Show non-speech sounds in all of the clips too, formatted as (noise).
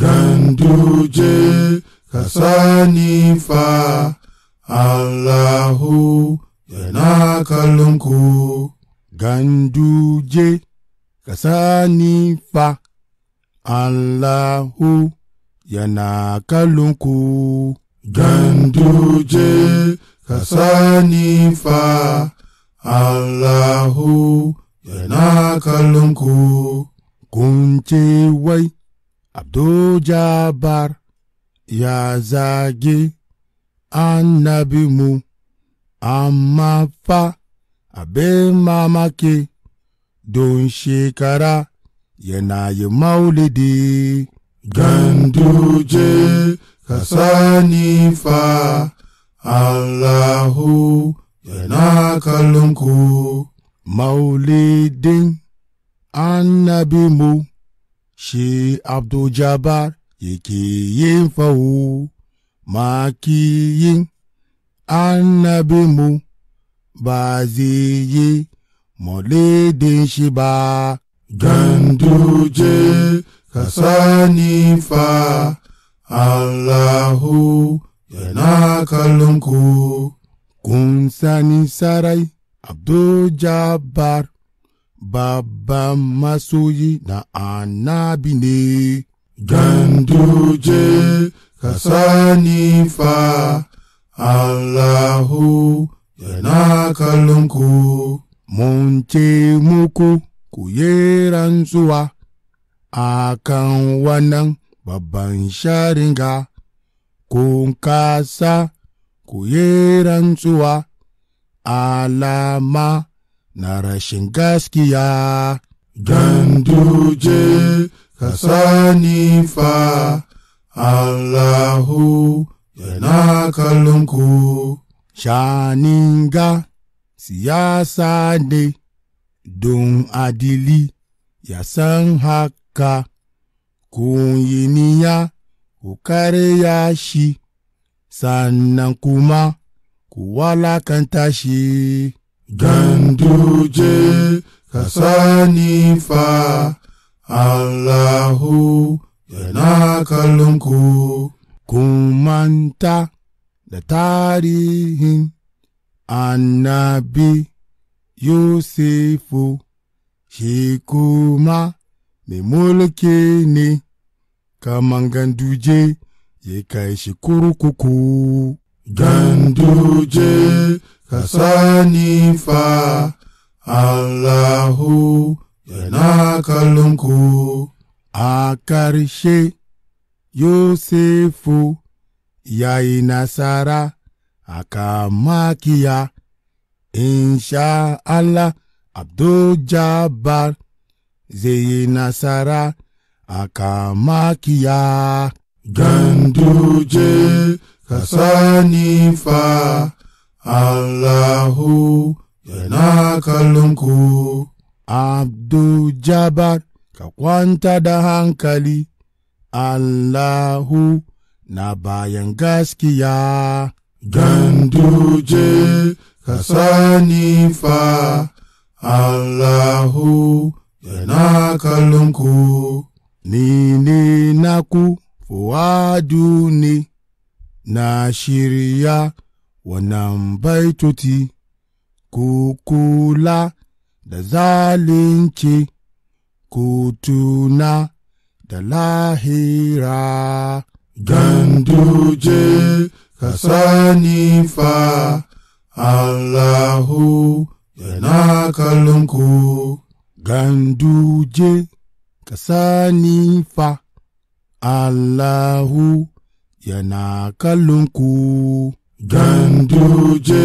Ganduje ka sani fa Allahu yana kalinku. Ganduje kasani fa Allahu yana kalinku. Ganduje kasani fa Allahu yana kalinku. Kun ce wai. Abdul-Jabbar ya zagi mu amma fa abin mamaki don shekara yana yi maulidi. Ganduje ka fa Allahu yana kalunku. Maulidin mu. shi abdul jabbar yake yin fawo makiyin annabinmu ba zai yi maulidin shi ba ganduje ka sani fa allahu yana kallonku kun sani sarai abdul jabbar babban masoyi na annabi ne. Ganduje ka sani fa Allahu yana kallonku. Mun ce muku ku yi rantsuwa a kan wannan babban sharinga, kun kasa ku yi rantsuwa alama. na rashin gaskiya. Ganduje ka sani fa Allahu yana kalunku. Shaninga siyasa ne don adili ya san haka, kuyiniya ku karya shi, sannan kuma ku walakanta shi. Ganduje ka fa Allahu yana kallonku kumanta da tarihin annabi Yusufu shi kuma mai mulki ne kaman ganduje ya kai shi kurkuku. Ganduje ka sani fa Allahu yana kallonku. A ƙarshe, Yosefu ya yi nasara a kamakiya, insha Allah Abdul Jabbar zai yi nasara a kamakiya. Ganduje ka sani fa. Allahu yana kallonku. Abdul Jabbar ka kwanta da hankali, Allahu na bayan gaskiya. Ganduje ka sani fa, Allahu yana kallonku. Ni ne naku, fuwadu ne, na shirya. wannan baitoti ku kula da zalunci ku tuna da lahira ganduje ka sani fa Allahu yana kalinku ganduje ka sani fa Allahu yana kalinku. Ganduje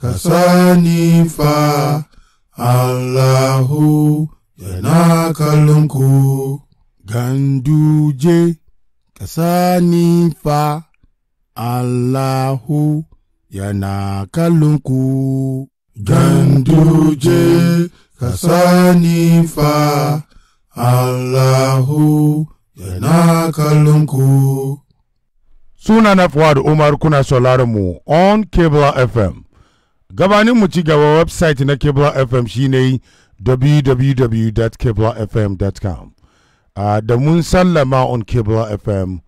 ka sani fa Allahu yana kallonku. Ganduje ka fa Allahu yana kallonku. Ganduje ka sani fa Allahu yana kallonku. suna na da Umar kuna sauraron mu on kebla FM. Gabanin mu ci gaba website na kebla FM shine www.cablefm.com. Uh, da mun sallama on kebla FM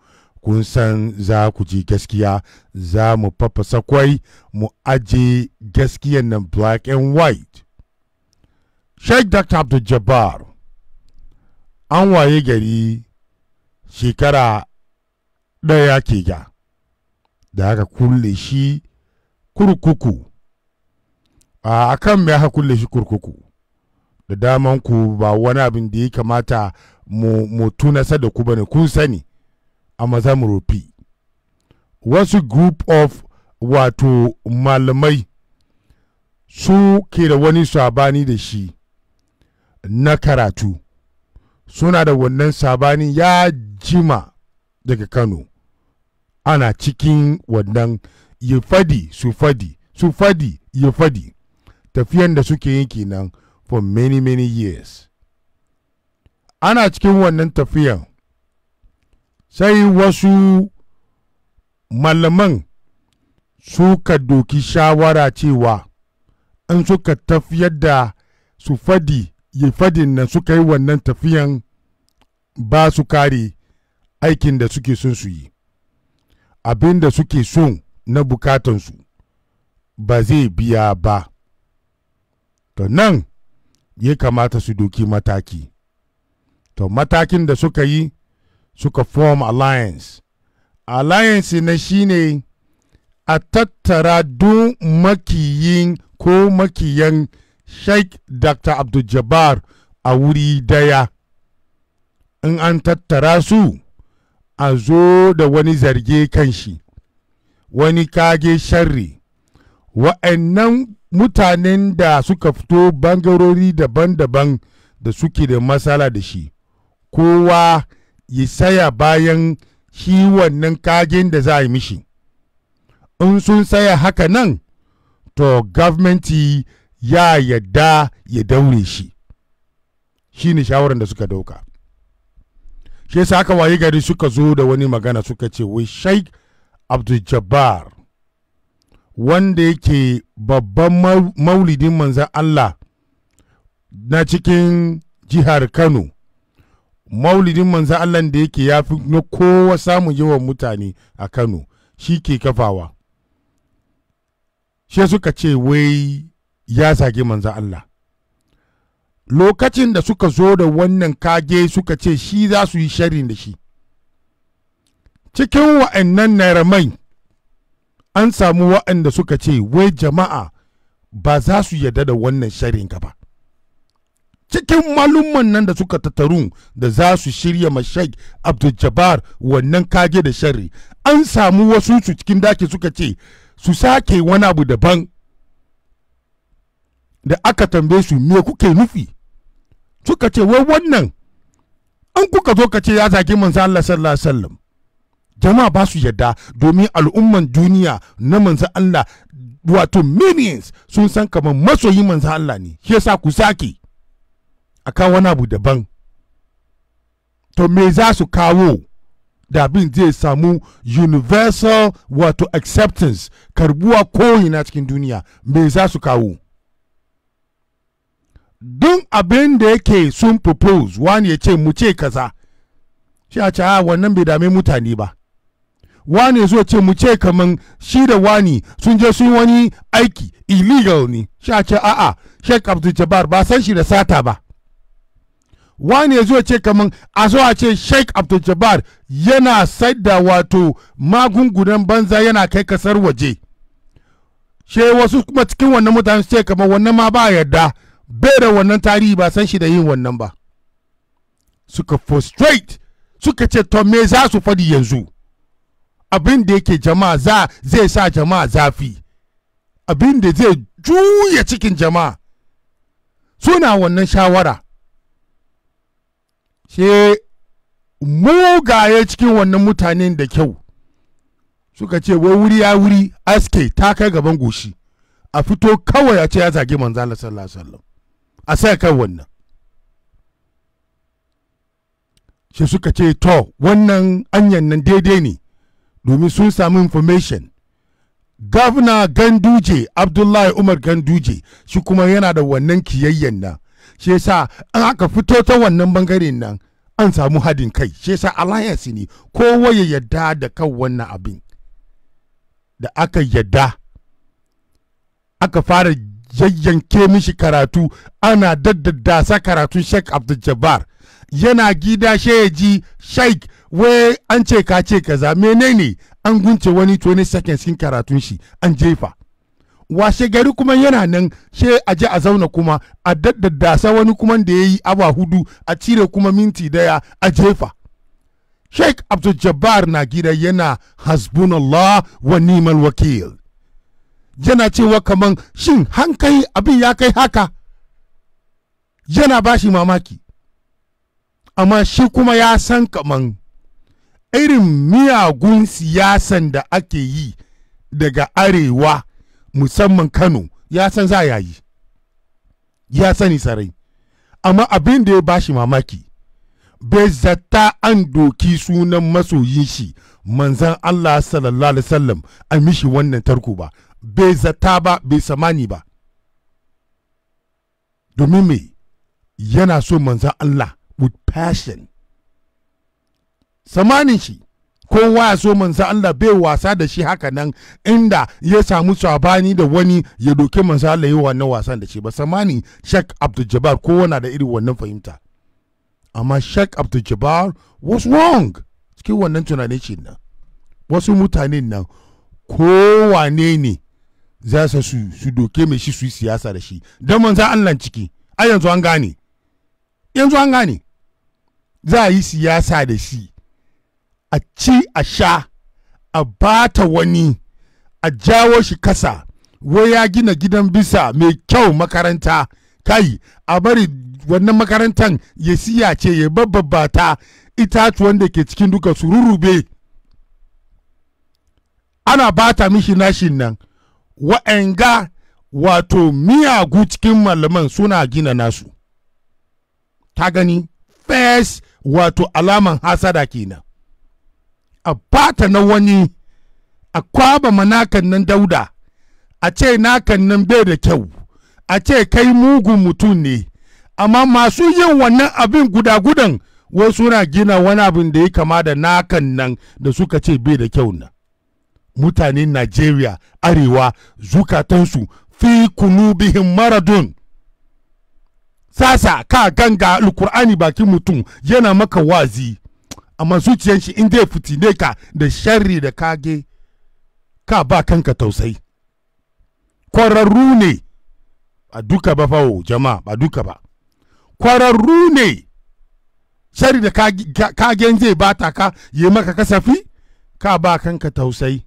kun san za ku ji gaskiya za mu fafasa kwai mu aji gaskiya na black and white. Sheikh Dr. Abdul Jabbar an waye gari shekara ɗaya ke ja da aka kulle shi kurkuku a kan me aka kulle shi kurkuku da daman ku ba wani abin da ya kamata mu tunasa da ku bane kun sani a maza wasu group of wato malamai su ke da wani sabani da shi na karatu suna da wannan sabani ya jima daga kano ana cikin wannan ya fadi su fadi su fadi ya fadi tafiyan da suke yi kenan for many many years ana cikin wannan tafiyan sai wasu malaman suka doki shawara cewa in suka tafiyar da su fadi ya fadin nan suka yi wannan tafiyan ba su kare aikin da suke sun su yi abin da suke son na bukatansu ba zai biya ba to nan ya kamata su doki mataki to matakin da suka yi suka form alliance alliance na shine a tattara duk makiyin ko makiyan sheikh dr abdul a wuri daya in an tattara su a zo da wani zarge kan shi wani kage sharri wa'annan mutanen da suka fito bangarori daban-daban da suke da matsala da shi kowa ya saya bayan shi wannan kagen da za a yi mishi in sun saya haka nan to gwamnati ya yadda ya daure shi shi ne shawarar da suka dauka shi yasa aka waye gari suka zo da wani magana suka ce wai sheikh abdul jabbar wanda yake babban maulidin manzan allah na cikin jihar kano maulidin manzan allah da yake ya fi na kowa samun yawan mutane a kano shi ke kafawa shi suka ce wai ya sage manzan allah lokacin da suka zo da wannan kage suka ce shi za su yi shari da shi cikin wa'annan nairamai an samu wa'anda suka ce wai jama'a ba za su yarda da wannan sharin ba cikin malumman nan da suka tattaru da za su shirya mashek abdul-jabbar wannan kage da sharri an samu wasu su cikin daki suka ce su sake wani abu daban da aka tambaye su me kuke nufi suka ce wai wannan an kuka zo ka ce ya zagi manzo Allah sallallahu alaihi wasallam jama'a ba su yadda domin al'umman duniya na manzo Allah wato millions sun san kamar masoyi manzo Allah ne shi yasa ku sake akan wani abu daban to me za su kawo da abin zai samu universal wato acceptance karbuwa ko'ina cikin duniya me za su kawo duk abin da yake sun propose wani ya ce mu ce kaza shi a ce ah, wannan bai dame mutane ba wani ya zo ce mu ce kaman shi da wani sun je sun wani aiki illegal ne shi a ce a'a sheik abdul jabbar ba san shi da sata ba wani ya zo ce kaman a zo a ce sheik abdul jabbar yana saida wato magungunan banza yana kai kasar waje she wasu kuma cikin wannan mutane su ce kaman wannan ma ba yarda bai da wannan tarihi ba san shi da yin wannan ba suka frustrate suka ce to me za su faɗi yanzu abin da yake jama'a za zai sa jama'a zafi abin da zai juya cikin jama'a suna wannan shawara she mugaye cikin wannan mutanen da kyau suka ce wai wuri ya wuri aske ta kai gaban goshi a fito kawai a ce ya zage manzala sallallahu alaihi wasallam a sa kan wannan shi suka ce to wannan anyan nan daidai ne domin sun samu information gavna ganduje abdullahi umar ganduje shi kuma yana da wannan kiyayyen nan shi yasa an aka fito ta wannan bangaren nan an samu hadin kai shi yasa alliance ne kowa ya yadda da kan wannan abin da aka yadda aka fara yayyanke mishi karatu ana daddasa karatun sheik abdul jabbar yana gida she ji sheik wai an ce ka ce kaza menene an gunce wani 20 seconds kin karatun shi an jefa washe gari kuma yana nan she a je a zauna kuma a daddasa wani kuma da ya yi awa hudu a cire kuma minti daya a jefa sheik abdul jabbar na gida yana hasbunallah wa nimal wakil yana cewa kaman shin hankali abin ya kai haka yana ba shi mamaki amma shi kuma ya san kaman irin miyagun siyasan da ake yi daga arewa musamman kano ya san za ya yi ya sani sarai amma abin da ya ba shi mamaki bai zata an doki sunan masoyin shi manzan allah sallallahu alaihi wasallam a mishi wannan tarko ba bai zata ba bai samani ba domin me yana so manzan Allah with passion samanin shi kowa ya so manzan Allah bai wasa da shi haka nan inda ya samu sabani da wani ya doke manzan Allah yi wannan wasan da shi ba samanin Sheikh Abdul Jabbar kowa da irin wannan fahimta amma Sheikh Abdul Jabbar was wrong cikin wannan tunanin shi nan wasu mutanen nan kowane ne za su su doke mai shi su yi siyasa da shi don za allah ciki a yanzu an gane yanzu an gane za a yi siyasa da shi a ci a sha a bata wani a jawo shi kasa wai ya gina gidan bisa mai kyau makaranta kai a bari wannan makarantan ya siya ce ya babbabata itatuwan da ke cikin duka su rurrube ana bata mishi nashin nan wa'anga wato miyagu cikin malaman suna gina nasu ta gani first wato alaman hasada kenan a bata na wani a kwaba manakan nan dauda a ce nakan nan bai da kyau a ce kai mugun mutum ne amma masu yin wannan abin guda-gudan wasu suna gina wani abin da ya kama da nakan nan da suka ce bai da kyau nan mutanen Najeriya arewa zukatansu fi kunubihin maradun sasa ka ganga alkur'ani bakin mutum yana maka wazi amma zuciyan shi in zai fitine ka da sharri da kage ka ba kanka tausayi kwararru ne a duka ba fawo jama'a ba duka ba kwararru ne sharri da kage zai bata ka yi maka kasafi ka ba kanka tausayi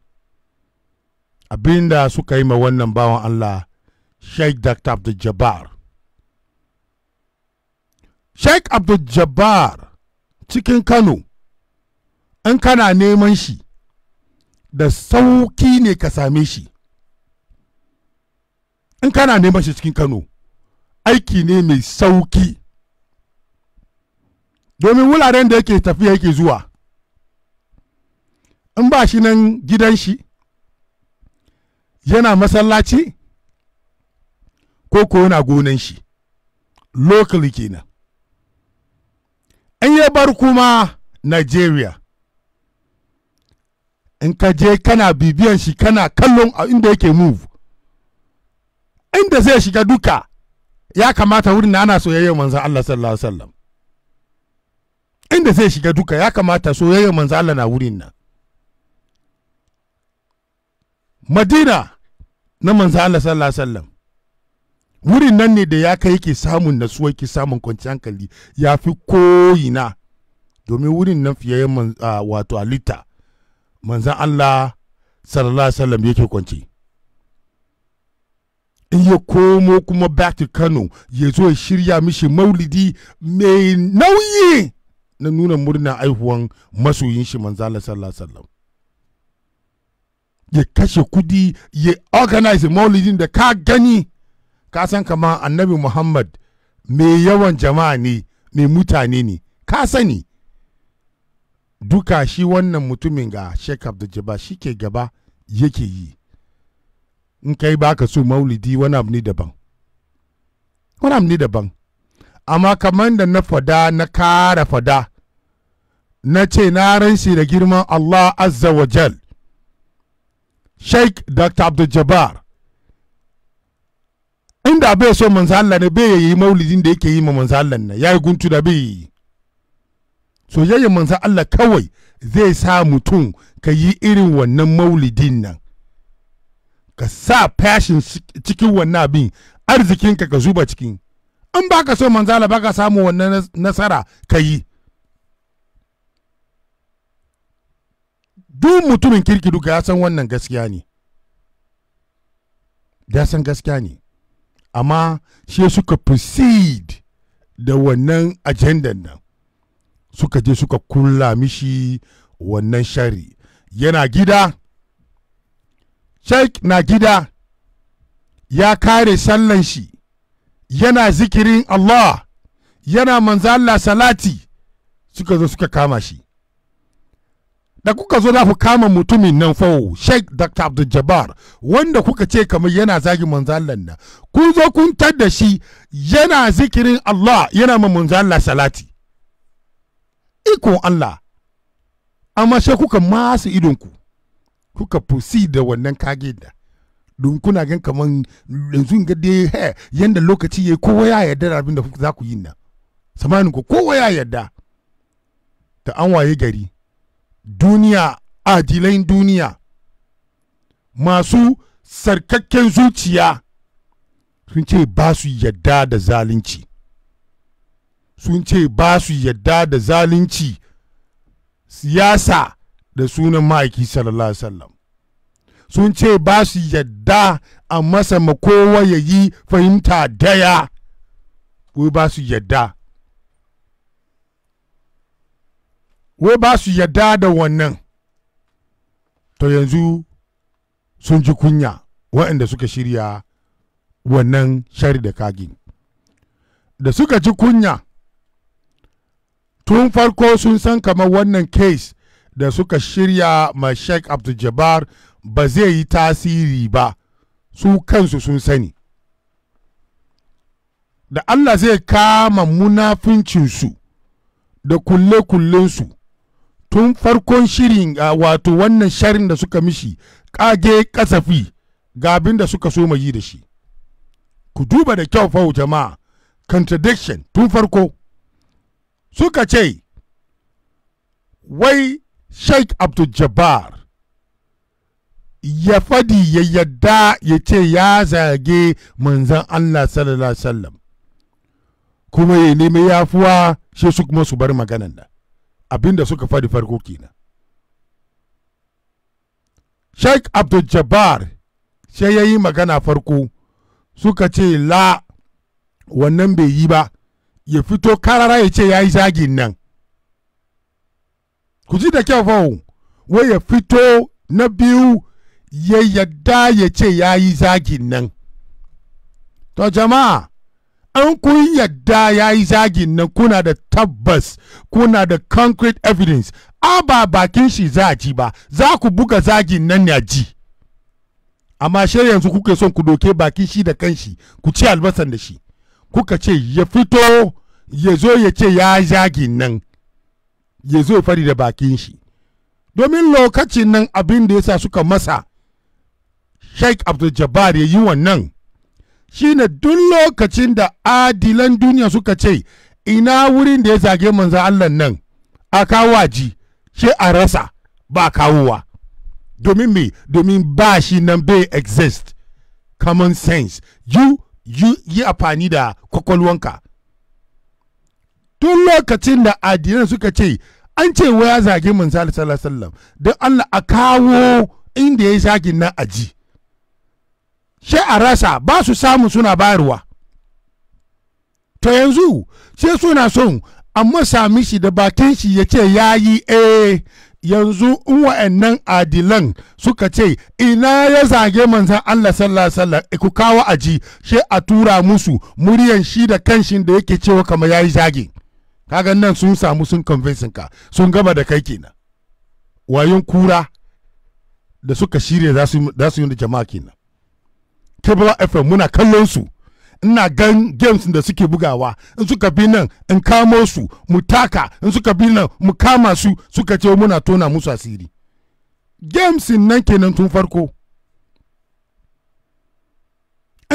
abinda suka yi ma wannan bawan Allah Sheikh Dr. Abdul Jabbar Sheikh Abdul Jabbar cikin Kano in kana neman shi da sauki ne ka same shi in kana neman shi cikin Kano aiki ne mai sauki domin wularen da yake tafiya yake zuwa in ba shi nan gidan shi yana masallaci ko ko yana gonan shi locally kenan in ya bar kuma nigeria in ka je kana bibiyan shi kana kallon a inda yake move inda zai shiga duka ya kamata wurin na ana soyayyar manzan Allah sallallahu alaihi wasallam inda zai shiga duka ya kamata soyayyar manzan Allah na wurin nan madina na manzo Allah sallallahu alaihi wasallam wurin nan ne da ya kai ke samun nasuwa ke samun kwanciyar hankali ya fi koyina domin wurin nan fiye wato halitta manzan Allah sallallahu alaihi wasallam yake kwanci in ya komo kuma back to Kano ya zo ya shirya mishi maulidi mai nauyi na nuna murna aihuwan masoyin shi manzo Allah sallallahu alaihi wasallam ya kashe kudi ya organize maulidin da ka gani ka san kama annabi muhammad mai yawan jama'a ne mai mutane ne ka sani duka shi wannan mutumin ga sheikh abdul shi ke gaba yake yi in kai ba ka so maulidi wani abu ne daban wani abu ne daban amma kamar da na fada na kara fada na ce na ranshi da girman allah azza wa jal sheikh dr abdul jabbar inda bai so manzo Allah ne bai yi maulidin da yake yi ma manzo Allah ne yayi guntu da bai soyayyar manzo Allah kawai zai sa mutum ka yi irin wannan maulidin nan ka sa fashin cikin wannan abin arzikinka ka zuba cikin in baka so manzo Allah baka samu wannan nasara ka yi duk mutumin kirki duka ya san wannan gaskiya ne ya san gaskiya ne amma shi suka proceed da wannan ajandan nan suka je suka kulla mishi wannan shari yana gida sheik na gida ya kare sallan shi yana zikirin Allah yana manzala salati suka zo suka kama shi da kuka zo za ku kama mutumin nan fawo sheikh dr abdul jabbar wanda kuka ce kamar yana zagi manzallan nan kun zo kun da shi yana zikirin allah yana ma manzallan salati iko allah amma sai kuka masu idonku kuka fusi da wannan kage da don kuna gan kaman yanzu ga dai yanda lokaci ya kowa ya yarda da abin da za ku yi nan samanin ku kowa ya yarda ta an waye gari duniya adilain duniya masu sarkakken zuciya sun ce ba su yadda da zalunci sun ce ba su yadda da zalunci siyasa da sunan ma'aiki sallallahu sallam sun ce ba su yadda a masa makowa ya yi fahimta daya ko ba su yadda wai ba su yadda da wannan to yanzu sun ji kunya waɗanda suka shirya wannan shari da kagin da suka ji kunya tun farko sun san kamar wannan case da suka shirya ma sheikh abdul ba zai yi tasiri ba su kansu sun sani da allah zai kama munafincinsu da kulle-kullensu tun farkon shirin wato wannan sharin da suka mishi kage kasafi ga abin da suka so yi da shi ku duba da kyau fa jama'a contradiction tun farko suka ce wai sheikh abdul jabbar ya fadi ya yadda ya ce ya zage manzan Allah sallallahu Alaihi wasallam kuma ya nemi yafuwa shi su kuma su bar maganan nan abinda suka faɗi farko kenan sheikh abdul jabbar sai ya yi magana farko suka ce la wannan bai yi ba ya fito karara ya ce ya yi zagin nan ku ji da kyau fa wai ya fito na biyu ya yadda ya ce ya yi zagin nan to jama'a an kun yadda ya yi zagin nan kuna da tabbas kuna da concrete evidence a ba bakin shi za ji ba za ku buga zagin nan ya ji amma shi yanzu kuke son ku doke bakin shi da kanshi ku ci albasan da shi kuka ce ya fito ya zo ya ce ya zagin nan ya zo fari da bakin shi domin lokacin nan abin da ya sa suka masa sheik abdul jabbar ya yi wannan shine duk lokacin da adilan duniya suka ce ina wurin da ya zage manzan Allah nan a kawo ji shi a rasa ba kawowa domin me domin ba shi nan bai exist common sense you you yi da kwakwalwanka tun lokacin da addinan suka ce an ce wa ya zage manzan Allah sallallahu alaihi don Allah a kawo inda ya zage nan aji sai a rasa ba su samu suna bayarwa to yanzu sai suna son amma sami shi da bakin shi ya ce ya yi eh yanzu in wa'annan adilan suka ce ina ya zage manzan Allah sallallahu sallam eh, ku kawo aji sai a tura musu muryan shi da kanshin da yake cewa kama ya yi zage kaga nan sun samu sun convincing ka sun gaba da kai kenan wayon kura da suka shirya za su yi da jama'a kenan table fm muna kallon su ina gan games da suke bugawa in suka bi nan in kamo su mutaka taka in suka bi nan mu kama su suka ce muna tona musu asiri games nan kenan tun farko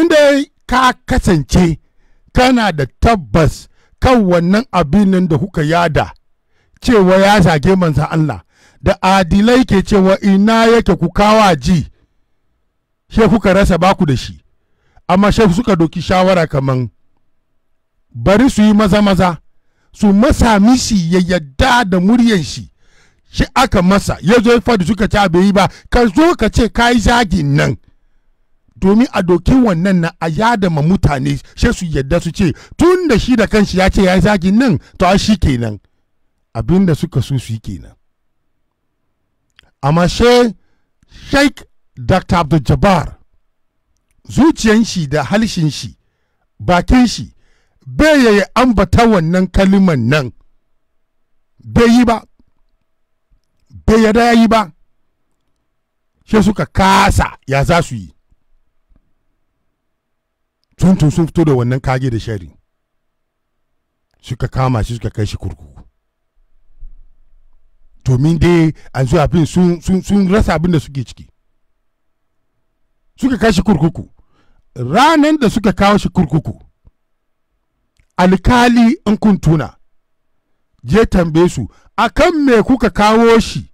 inda ka kasance kana da tabbas kan wannan abinin da kuka yada cewa ya zage manzan Allah da adilai ke cewa ina yake ku kawa ji she kuka rasa baku da shi amma she suka doki shawara kaman bari su yi maza maza su masa mishi ya yadda da muryan shi shi aka masa ya zo fadi suka ci bai yi ba ka zo ka ce ka yi zagin nan domin a dokin wannan na a yada ma mutane she su yadda su ce tun da shi da kanshi ya ce ya yi zagin nan to a shi kenan abinda suka so su yi kenan amma she sheik dr abdul jabbar zuciyan shi da halshin shi bakin shi bai ya ambata wannan kaliman nan bai yi ba bai yada yi ba shi suka kasa ya za su yi tuntun sun fito da wannan kage da shari suka kama shi suka kai shi kurkuku domin dai an zuwa abin sun rasa abin da suke ciki suka kashi kurkuku ranar da suka kawo shi kurkuku alkali in kun tuna je tambaye su akan me kuka kawo shi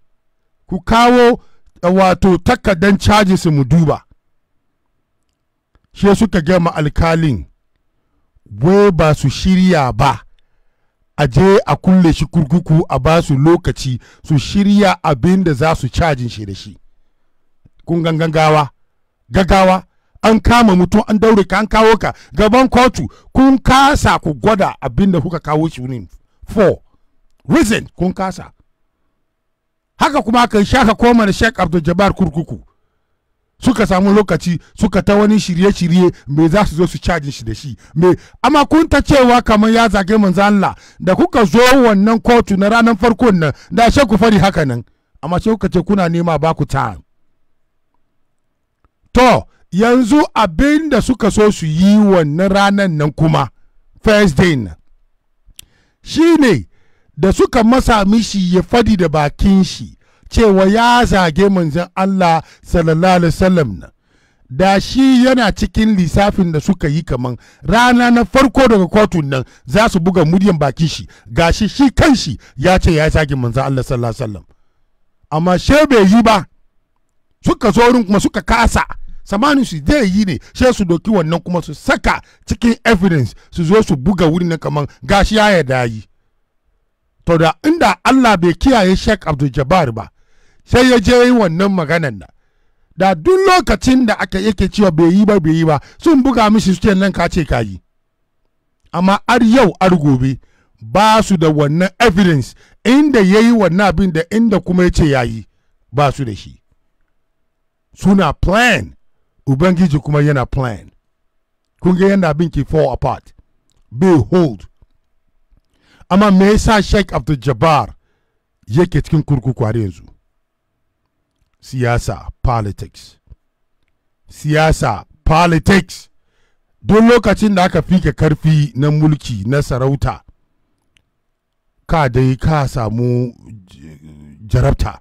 ku kawo eh, wato takardar su mu duba shi suka gama alkalin wai ba su shirya ba a je a kulle shi kurkuku a ba su lokaci su shirya abin da za su cajin shi da shi kun gangan gawa gagawa an kama mutum an daure ka an kawo ka gaban kotu kun kasa ku gwada abinda kuka kawo shi ne for reason kun kasa haka kuma aka shaka koma na sheik abdul kurkuku suka samu lokaci suka ta wani shirye-shirye me za su zo su cajin shi da shi me amma kun ta cewa kamar ya zage manzo Allah da kuka zo wannan kotu na ranar farkon nan da she ku fari haka nan amma sai kuka ce kuna nema ba ku ta to yanzu abin da suka so su yi wannan ranar nan kuma first day nan shi ne da suka masa mishi ya fadi da bakin shi cewa ya zage manzan Allah sallallahu alaihi wasallam nan da shi yana cikin lissafin da suka yi kaman rana na farko daga kotun nan za su buga muryan bakin shi gashi shi kanshi ya ce ya zage manzan Allah sallallahu alaihi wasallam amma she bai yi ba suka zo kuma suka kasa samani su zai yi ne sai su doki wannan kuma su saka cikin evidence su zo su buga wuri na kaman gashi ya yarda yi to da inda Allah bai kiyaye Sheikh Abdul Jabbar ba sai ya je yi wannan maganan da da duk lokacin da aka yake cewa bai yi ba bai yi ba sun buga mishi su nan ka ce ka yi amma har yau har gobe ba su da wannan evidence inda ya yi wannan abin da inda kuma ya ce ya yi ba su da shi suna plan ubangiji kuma yana plan kun ga yadda abin ke fall apart be hold amma me yasa sheikh abdul jabbar yake cikin kurkuku har yanzu siyasa politics siyasa politics duk lokacin da aka fike karfi na mulki na sarauta ka dai ka samu jarabta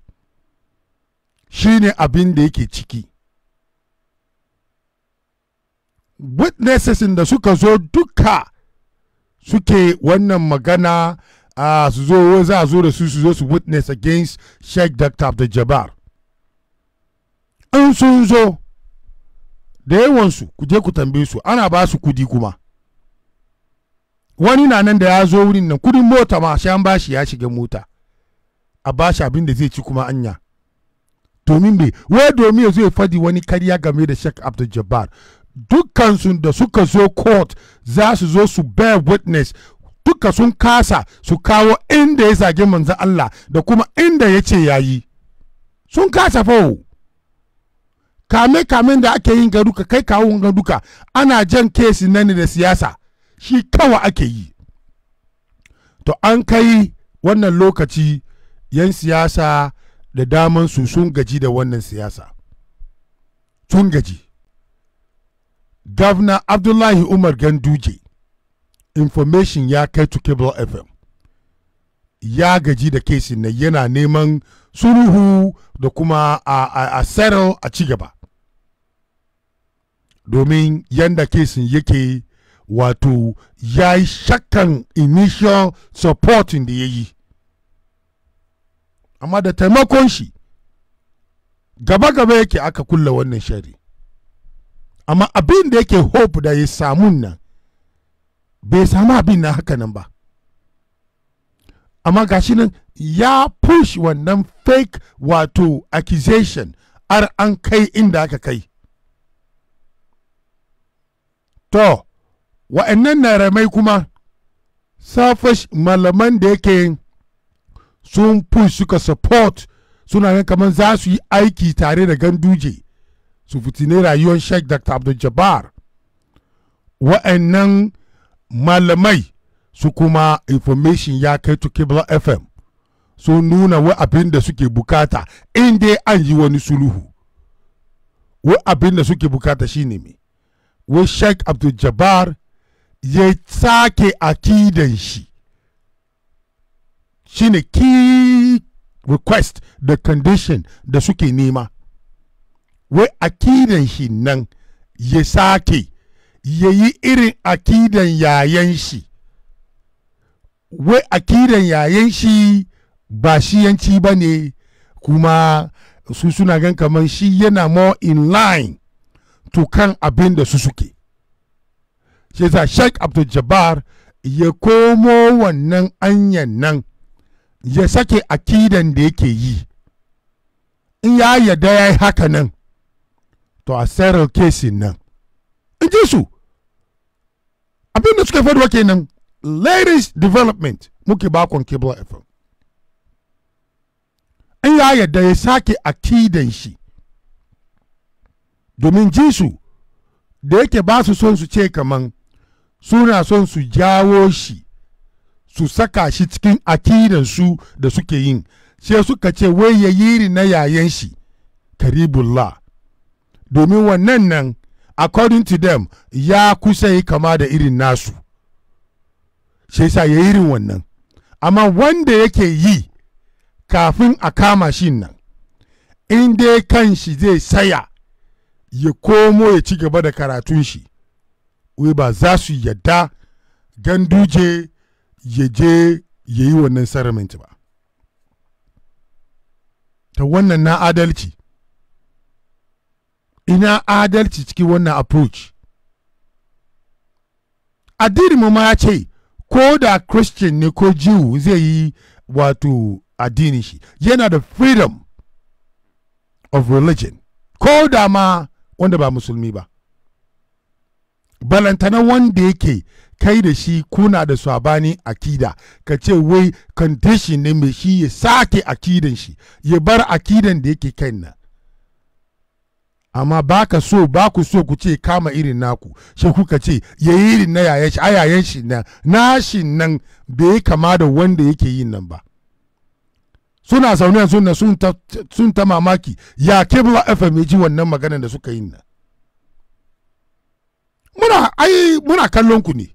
shine abin da yake ciki witnesses da suka zo duka suke wannan magana a su zo za zo da su su zo su witness against sheikh dr abdul-jabbar in sun zo da yawansu ku je ku tambaye su ana ba su kudi kuma wani na nan da ya zo wurin nan kudin mota ma shan shi ya shiga mota a shi abin da zai ci kuma anya domin bai wai domin ya zo ya fadi wani karya game da sheikh abdul-jabbar dukkansu da suka zo court za su zo su bear witness duka sun kasa su kawo inda ya zage manzan Allah da kuma inda ya ce yayi sun kasa fawo kame kamen da ake yin garuka kai kawo ga duka ana jan kesi na ne da siyasa shi kawa ake yi to an kai wannan lokaci yan siyasa da daman su sun gaji da wannan siyasa sun gaji Governor Abdullahi Umar Ganduje information ya kai to Cable FM ya gaji da kesin na yana neman suruhu da kuma a, a, a settle a ci gaba domin yanda kesin yake wato ya yi shakkan initial supporting da ya yi amma da taimakon shi gaba-gaba yake aka kulla wannan shari'a amma abin da yake hope da ya samu nan bai samu abin na haka nan ba amma gashi nan ya push wannan fake wato accusation har an kai inda aka kai to wa'annan naramai kuma safash malaman da yake sun push suka support suna nan kamar za su yi aiki tare da ganduje su ne rayuwar sheikh dr abdul jabbar wa'annan malamai su kuma information ya kai to kibla fm sun nuna wa abin da suke bukata in dai an yi wani suluhu wa abin da suke bukata shine me wa sheikh abdul jabbar ya sake akidan shi shine key request da condition da suke nema wai akidan shi nan ya sake ya yi irin akidan yayan shi wai akidan yayan shi ba shi shiyanci ba ne kuma su suna gan kamar shi yana more in line to kan abin da su suke shi yasa sheik abdul ya komo wannan anyan nan ya sake akidan da yake yi in ya yarda ya yi haka nan to a settle kesin nan in ji su abin da suke kenan ladies development muke bakon kibla fm in ya yadda ya sake akidan shi domin jisu da yake ba su son su ce kaman suna son su jawo shi su saka shi cikin akidan su da suke yin sai suka ce wai ya yiri na yayan shi karibullah domin wannan nan according to them ya kusa yi kama da irin nasu shi yasa ya irin wannan amma wanda yake yi kafin a kama shi nan in dai kan shi zai saya ya komo ya ci gaba da karatun shi wai ba za su yadda ganduje ya je ya yi wannan saraminci ba ta wannan na adalci ina adalci cikin wannan approach addini mu ma ya ce ko da christian ne ko jew zai yi wato addinin shi yana da freedom of religion ko da ma wanda ba musulmi ba balantana wanda yake kai da shi kuna da sabani akida ka ce wai condition ne mai shi ya sake akidan shi ya bar akidan da yake kai na amma ba ka so ba ku so ku ce kama irin naku shi kuka ce ya yi irin na yayan shi a yayan shi nan nashi nan bai kama da wanda yake yin nan ba suna zaune suna sun ta mamaki ya kebla fm ji wannan maganar da suka yi nan muna ai muna kallon ku ne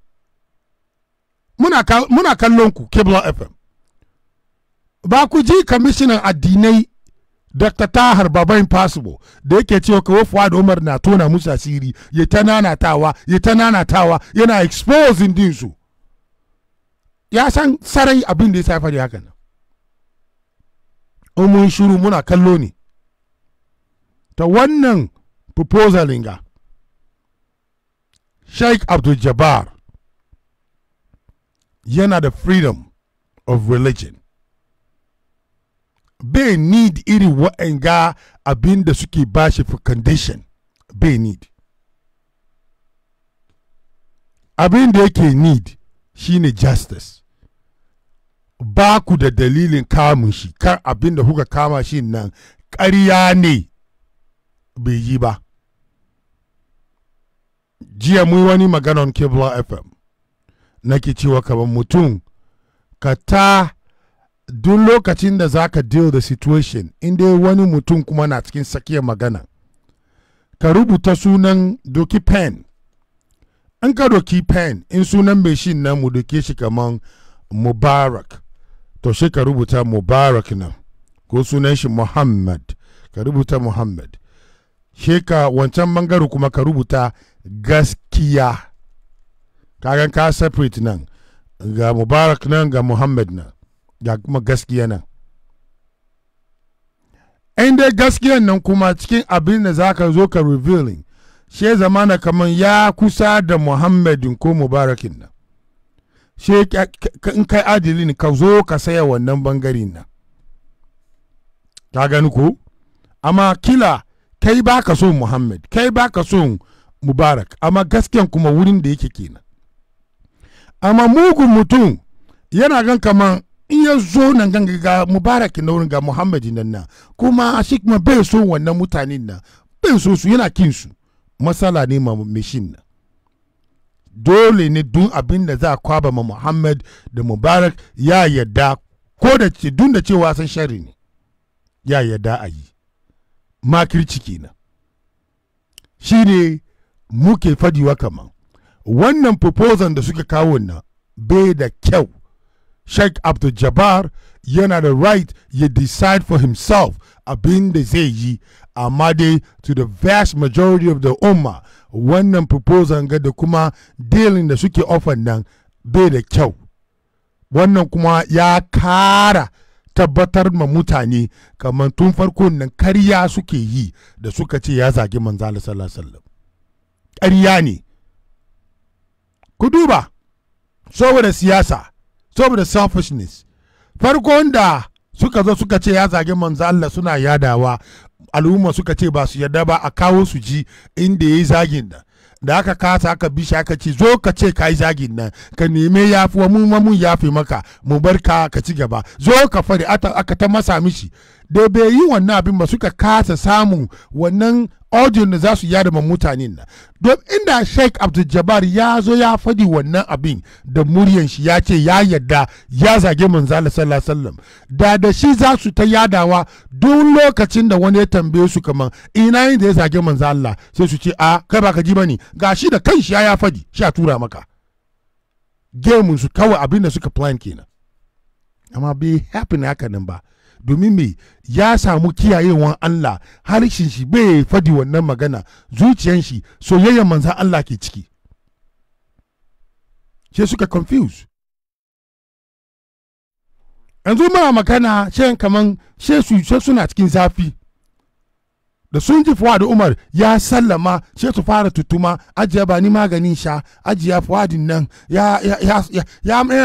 muna, muna kallon ku kebla fm ba ku ji kamishinan addinai Dr. Tahar Baba Impossible da yake cewa kawai da Umar na tona musu asiri ya ta nanatawa ya ta nanatawa yana exposing din su ya san sarai abin da ya safa da hakan mun shiru muna kallo ne ta wannan proposal ga Sheikh Abdul Jabbar yana da freedom of religion bai need irin wa'anga abin da suke bashi for condition bai need abin da yake need shine justice ba ku da dalilin kamun shi kan abin da kuka kama shi nan ƙarya ne bai yi ba jiya mun wani maganon cable fm nake cewa kamar mutum ka ta duk lokacin da za ka deal da situation inda wani mutum kuma na cikin sakiyar magana ka rubuta sunan doki pen an ka doki pen in sunan mai shi nan mu doke shi kaman mubarak to shi ka rubuta mubarak nan ko sunan shi muhammad ka rubuta muhammad shi ka wancan bangare kuma ka rubuta gaskiya kagan ka separate nan ga mubarak nan ga muhammad nan ga kuma gaskiya nan in dai gaskiyan nan kuma cikin abin da za ka zo ka revealing she zamana kamar ya kusa da muhammadin ko mubarakin nan she in kai adili ne ka zo ka saya wannan bangaren nan ka gani ko amma kila kai ba ka son muhammad kai ba ka son mubarak amma gaskiyan kuma wurin da yake kenan amma mugun mutum yana gan kaman in ya zo nan ga mubarak na wurin ga muhammadi nan na kuma shi kuma bai so wannan mutanen na bai so su yana kin su matsala ne ma mishin na dole ne dun abin da za kwaba ma muhammad da mubarak ya yadda ko da dun da cewa san shari ne ya yadda a yi makirci kenan shi ne muke fadiwa kaman wannan proposal da suka kawo na bai da kyau Sheikh Abdul Jabbar yana da right ya decide for himself abin da zai yi amma dai to the vast majority of the umma wannan proposal ga da kuma dealing da suke offer nan bai da kyau wannan kuma ya kara tabbatar ma mutane kamar tun farko nan karya suke yi da suka ce ya zagi manzala sallallahu ƙarya ne ku duba saboda siyasa saboda selfishness farko da suka zo suka ce ya zage manzo Allah suna yadawa al'umma suka ce ba su yarda ba a kawo su ji inda yayi zagin da da aka kasa aka bi shi aka ce zo ka ce ka zagin nan ka neme wa mu ma mun yafe maka mu barka ka ci gaba zo ka fari aka ta masa mishi da bai yi wannan abin ba suka kasa samu wannan audio da za su yada mutanen nan don inda sheik abdul ya zo ya faɗi wannan abin da muryan shi ya ce ya yadda ya zage manzala sallallahu da da shi za su ta yadawa duk lokacin da wani ya tambaye su kamar ina yin da ya zage manzala sai su ce a kai ba ka ji bane shi da kan shi ya fadi sha tura maka gemun su kawai abin da suka plan kenan amma bai happen haka nan ba domin me ya samu kiyayewan Allah harshen shi bai fadi wannan magana zuciyan shi soyayyen manzan Allah ke ciki sai suka confuse yanzu ma magana shan kaman sai su suna cikin zafi da sun ji fuwa da umar ya sallama sai su fara tutuma ajiya ba ni maganin sha ajiya fuwadin nan ya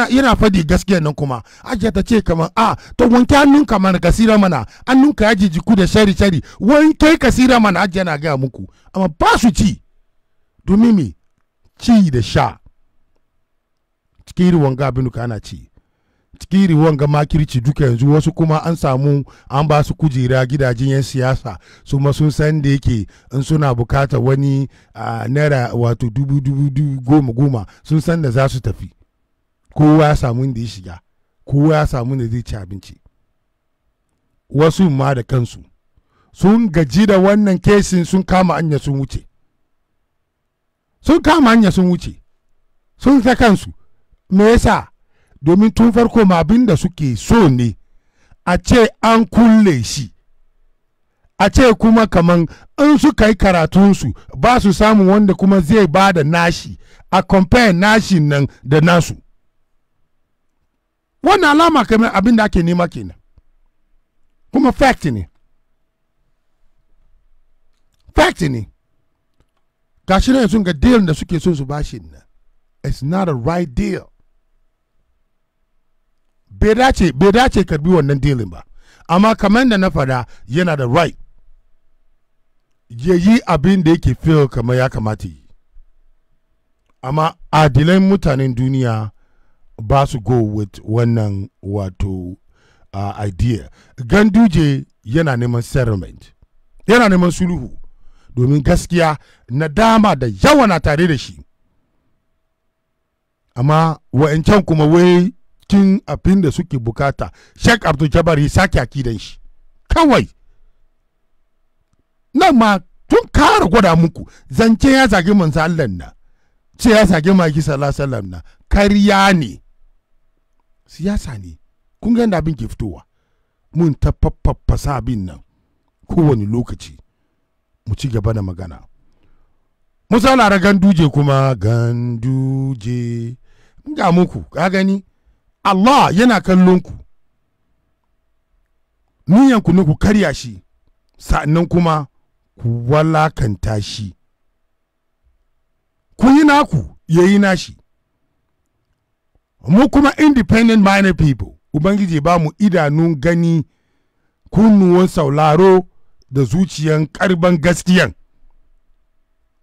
yana fadi gaskiya nan kuma ajiya ta ce kamar a ah, to wanke hannun kamar kasira mana ka ya jiku da shari shari wanke kasira mana ajiya na gaya muku amma ba su ci domin me ci da sha cikin irin wanga abin ana ci cikin wanga makirci duka yanzu wasu kuma an samu an ba su kujera gidajen 'yan siyasa su ma sun san da yake in suna bukata wani naira wato dubu dubu dubu goma goma sun san da za su tafi kowa ya samu da ya shiga kowa ya samu da zai ci abinci wasu ma da kansu sun gaji da wannan kesin sun kama hanya sun wuce sun kama hanya sun wuce sun ta kansu me yasa domin tun farko ma abin da suke so ne a ce an kulle shi a ce kuma kaman in suka yi karatunsu ba su samu wanda kuma zai ba da nashi a compare nashi nan da nasu wannan alama kamar abin da ake nema kenan kuma fact ne fact ne gashi nan sun ga deal da suke so su bashi nan it's not a right deal bai dace bai dace karbi wannan dealing ba amma kamar da na fada yana da right ya yi abin da yake feel kamar ya kamata yi amma adilan mutanen duniya ba su go with wannan wato uh, idea ganduje yana neman settlement yana neman sulhu domin gaskiya na dama da yawa na tare da shi amma wa'ancan kuma wai cikin abin da suke bukata shek abdul jabbar ya sake akidan shi kawai nan ma tun kara gwada muku zance ya zage manzo Allah na ce ya zage maki sallallahu na kariya ne siyasa ne kun ga yadda abin ke fitowa mun ta faffasa abin nan kowane lokaci mu ci gaba da magana musa lara ganduje kuma ganduje ga muku ka gani Allah yana kallon ku niyanku ne ku karya shi sa'annan kuma ku walakanta shi ku yi naku ya yi nashi mu kuma independent minded people ubangiji ba mu idanun gani kunnuwan sauraro da zuciyan karban gaskiyan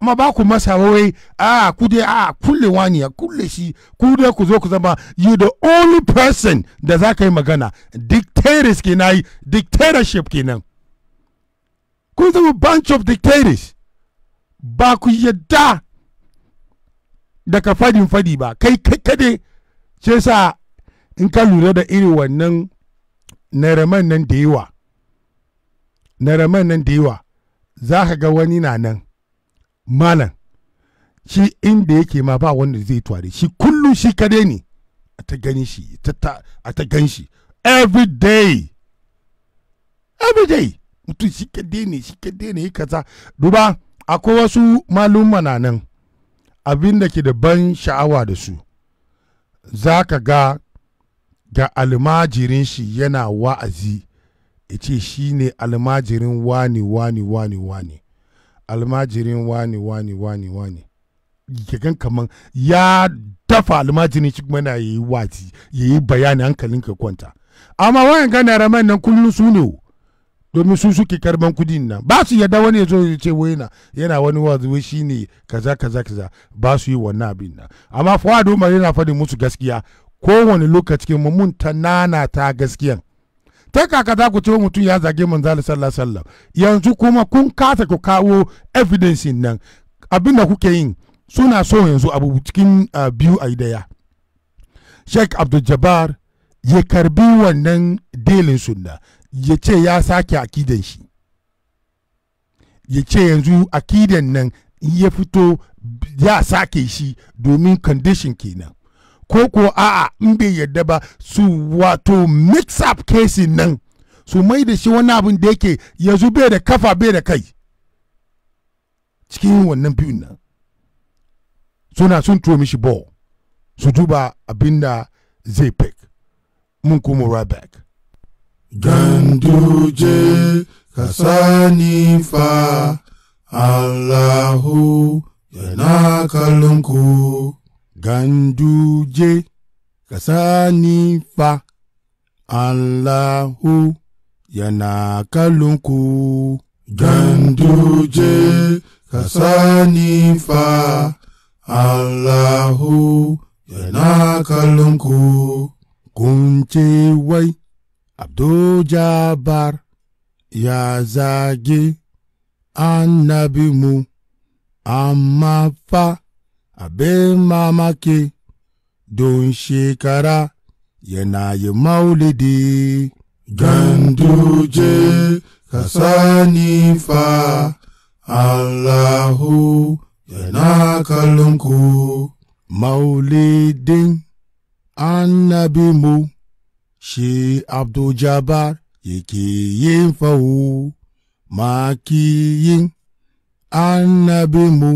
amma ba ku masa wai a ku dai a kulle wani ya kulle shi ku dai ku zo ku zama you the only person da za ka yi magana dictators ke na yi dictatorship kenan ku zama bunch of dictators ba ku yadda daga fadin fadi ba kai kade ce sa in ka lura da iri wannan nareman nan da yawa nan da yawa za ka ga wani na nan malam shi inda yake ma ba wanda zai tuware shi kullum shi kadai ne a ta gani shi a ta gan shi every day every day mutum shi kadai ne shi kadai ne kaza duba akwai wasu maluma na nan abin da ke da ban sha'awa da su za ka ga ga almajirin shi yana wa'azi ya ce shi ne almajirin wani wani wani wani almajirin wani wani wani wani gigan kaman ya dafa almajirin shi kuma na yayi wati yayi bayani hankalin ka kwanta amma wayan ga man nan kullun su ne domin su suke karban kudin nan ba su yadda wani ya zo ya ce yana yana wani wazuwa shi ne kaza kaza kaza ba su yi wannan abin nan amma fuwa umar yana fadi musu gaskiya kowane lokaci mun nana ta gaskiyan ta kaka za ku ce mutum ya zage manzali sallallahu alaihi yanzu kuma kun kasa ku kawo evidence nan abin da kuke yin suna so yanzu abu cikin ah, biyu a daya sheikh abdul jabbar ya karbi wannan delin sunna ya ce ya sake akidan shi ya ce yanzu akidan nan ya fito ya sake shi domin condition kenan ko ko a'a in bai yadda ba su wato mix up kesin nan su mai da shi wani abin da yake yanzu bai da kafa bai da kai cikin wannan biyun nan suna sun turo mishi ball su duba abin da zai fek mun kuma right back ganduje ka sani fa allahu yana kallon ku Ganduje, ka sani fa, Allahu yana kalunku. Ganduje, ka sani fa, Allahu yana kalunku. Kun wai, abdujabar ya zage annabi mu, amma fa abin mamaki don shekara yana yi maulidi. Ganduje ka sani fa Allahu yana kalunku. Maulidin annabi mu shi Abdul yake yin fahu makiyin annabi mu.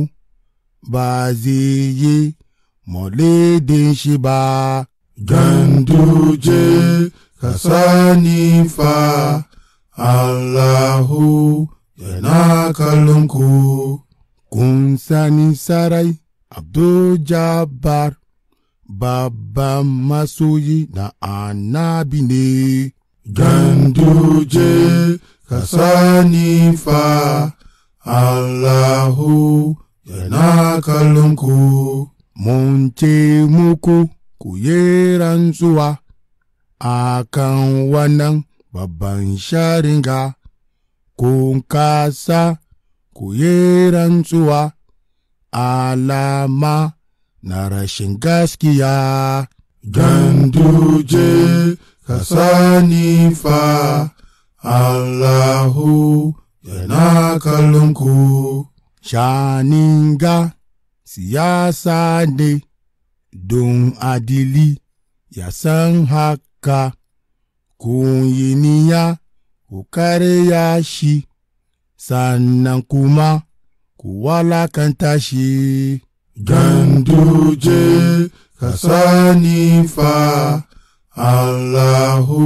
ba zai yi maulidin shi ba. Ganduje kasani fa Allahu yana kalinku. Kun sarai masoyi na annabi ne. Ganduje ka fa. fa Allahu yana kallonku mun ce muku ku yi rantsuwa a kan wannan babban sharinga kun kasa ku yi rantsuwa alama na rashin gaskiya ganduje ka sani fa Allahu yana kallonku. shaninga siyasa ne don adili ya san haka kuyiniya ku ya shi sannan kuma ku walakanta shi ganduje ka sani fa allahu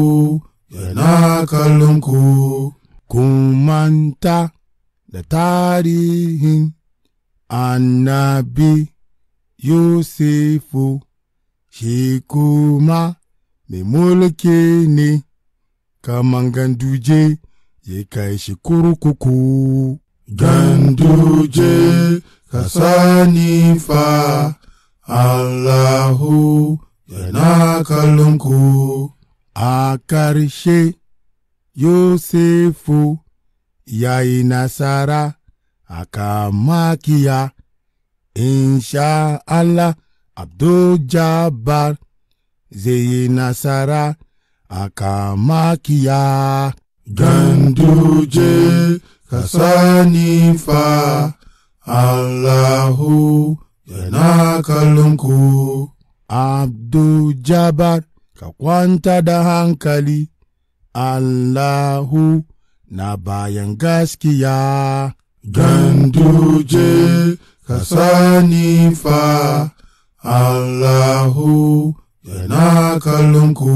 yana kalunku kun manta da tarihin annabi Yusufu, shi kuma mai mulki ne, kaman ganduje ya kai shi kurkuku. Ganduje ka sani fa, Allahu yana kalunku. A ƙarshe, Yusufu ya yi nasara a kamakiya, insha Allah Abdul Jabbar zai yi nasara a kamakiya. Ganduje ka sani fa Allahu yana kalunku. Abdul Jabbar ka kwanta da hankali, Allahu na bayan gaskiya. Ganduje ka sani fa Allahu yana kalunku.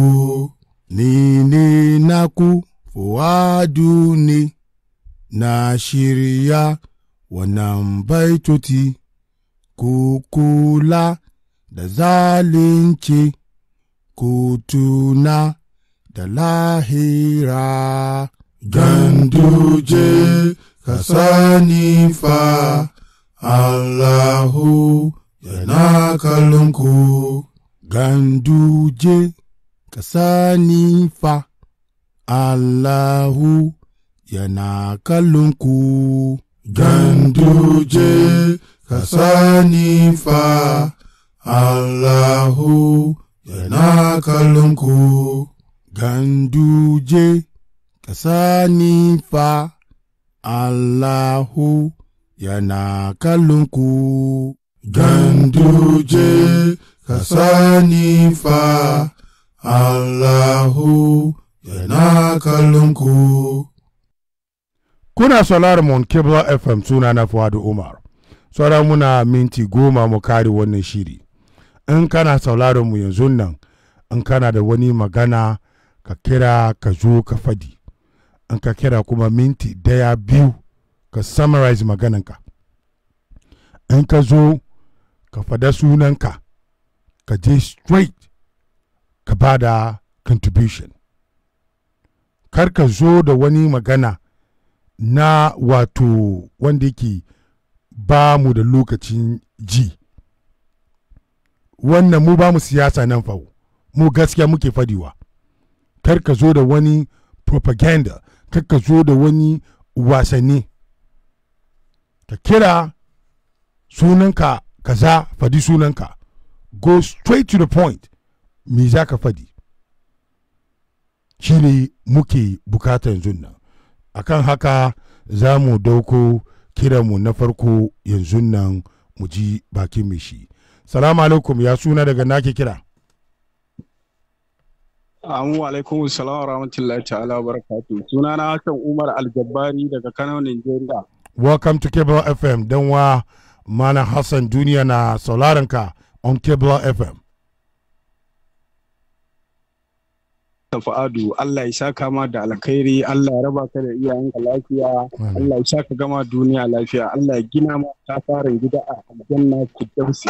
Ni ne naku fuwadu ne na shirya wannan baitoti kukula da zalunci kutuna da lahira. Ganduje ka sani fa Allahu yana kallonku. Ganduje kasani fa Allahu yana kallonku. Ganduje ka sani fa Allahu yana kallonku. Ganduje ka sani fa Allahu yana kalunku. Ganduje ka sani fa Allahu yana kalunku. Kuna solar mun kebla FM suna na Fuadu Umar. Sauran muna minti goma mu kare wannan shiri. In kana sauraron mu yanzu nan, in kana da wani magana ka kira ka zo ka fadi. in ka kira kuma minti daya biyu ka summarize magananka in ka zo ka fada sunanka ka je straight ka ba da contribution kar ka zo da wani magana na wato wanda yake ba mu da lokacin ji wannan mu ba mu siyasa nan fa mu gaskiya muke fadiwa kar ka zo da wani propaganda ka zo da wani wasanni ka kira sunanka kaza fadi sunanka go straight to the point me za ka fadi shi ne muke buƙata yanzu nan akan haka za mu dauko mu na farko yanzu nan mu ji bakin mai shi salamu alaikum ya suna daga nake kira Amu alaikum salam wa rahmatullahi ta'ala wa Suna Sunana Hassan Umar Aljabbari daga Kano, Nigeria. Welcome to Kebla FM. Don wa Mana Hassan duniya na sauraron ka on Kebla FM. Fa'adu Allah ya sha kama da alkhairi Allah ya raba ka da iyayenka lafiya Allah ya sha ka gama duniya lafiya Allah ya gina ma ta fara gida a aljanna ku dausi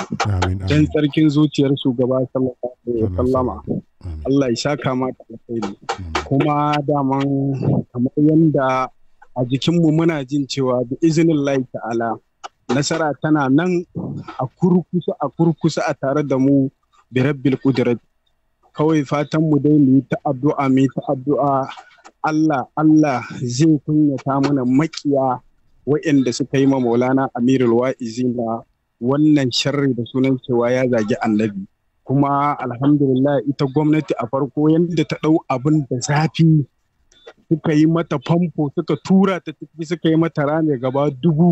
dan tsarkin zuciyar shugaba sallallahu alaihi sallama. Allah ya sha mata da kai kuma daman kamar yanda a jikinmu muna jin cewa da izinin Allah ta'ala nasara tana nan a kurkusa a kurkusa a tare da mu bi rabbil qudrat kawai fatan mu dai mu ta addu'a mu ta addu'a Allah Allah zai kunyata mana makiya wa'anda suka yi ma Maulana Amirul Wa'izi wannan sharri da sunan cewa ya zagi annabi kuma alhamdulillah ita gwamnati a farko yadda ta ɗau abin da zafi suka yi mata famfo suka tura ta ciki suka yi mata rame gaba dubu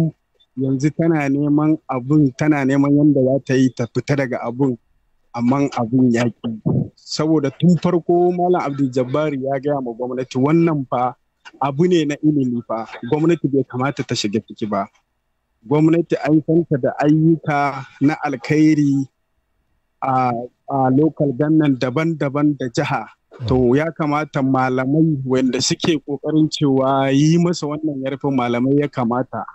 yanzu tana neman abin tana neman yadda za ta yi ta fita daga abin amma abin yaƙi saboda tun farko malam abdul jabbari ya gaya ma gwamnati wannan fa abu ne na ilimi fa gwamnati bai kamata ta shiga ciki ba gwamnati an da ayyuka na alkhairi a lokal ganin daban-daban da jiha to ya kamata malamai wanda suke kokarin cewa yi masa wannan yarfin malamai ya kamata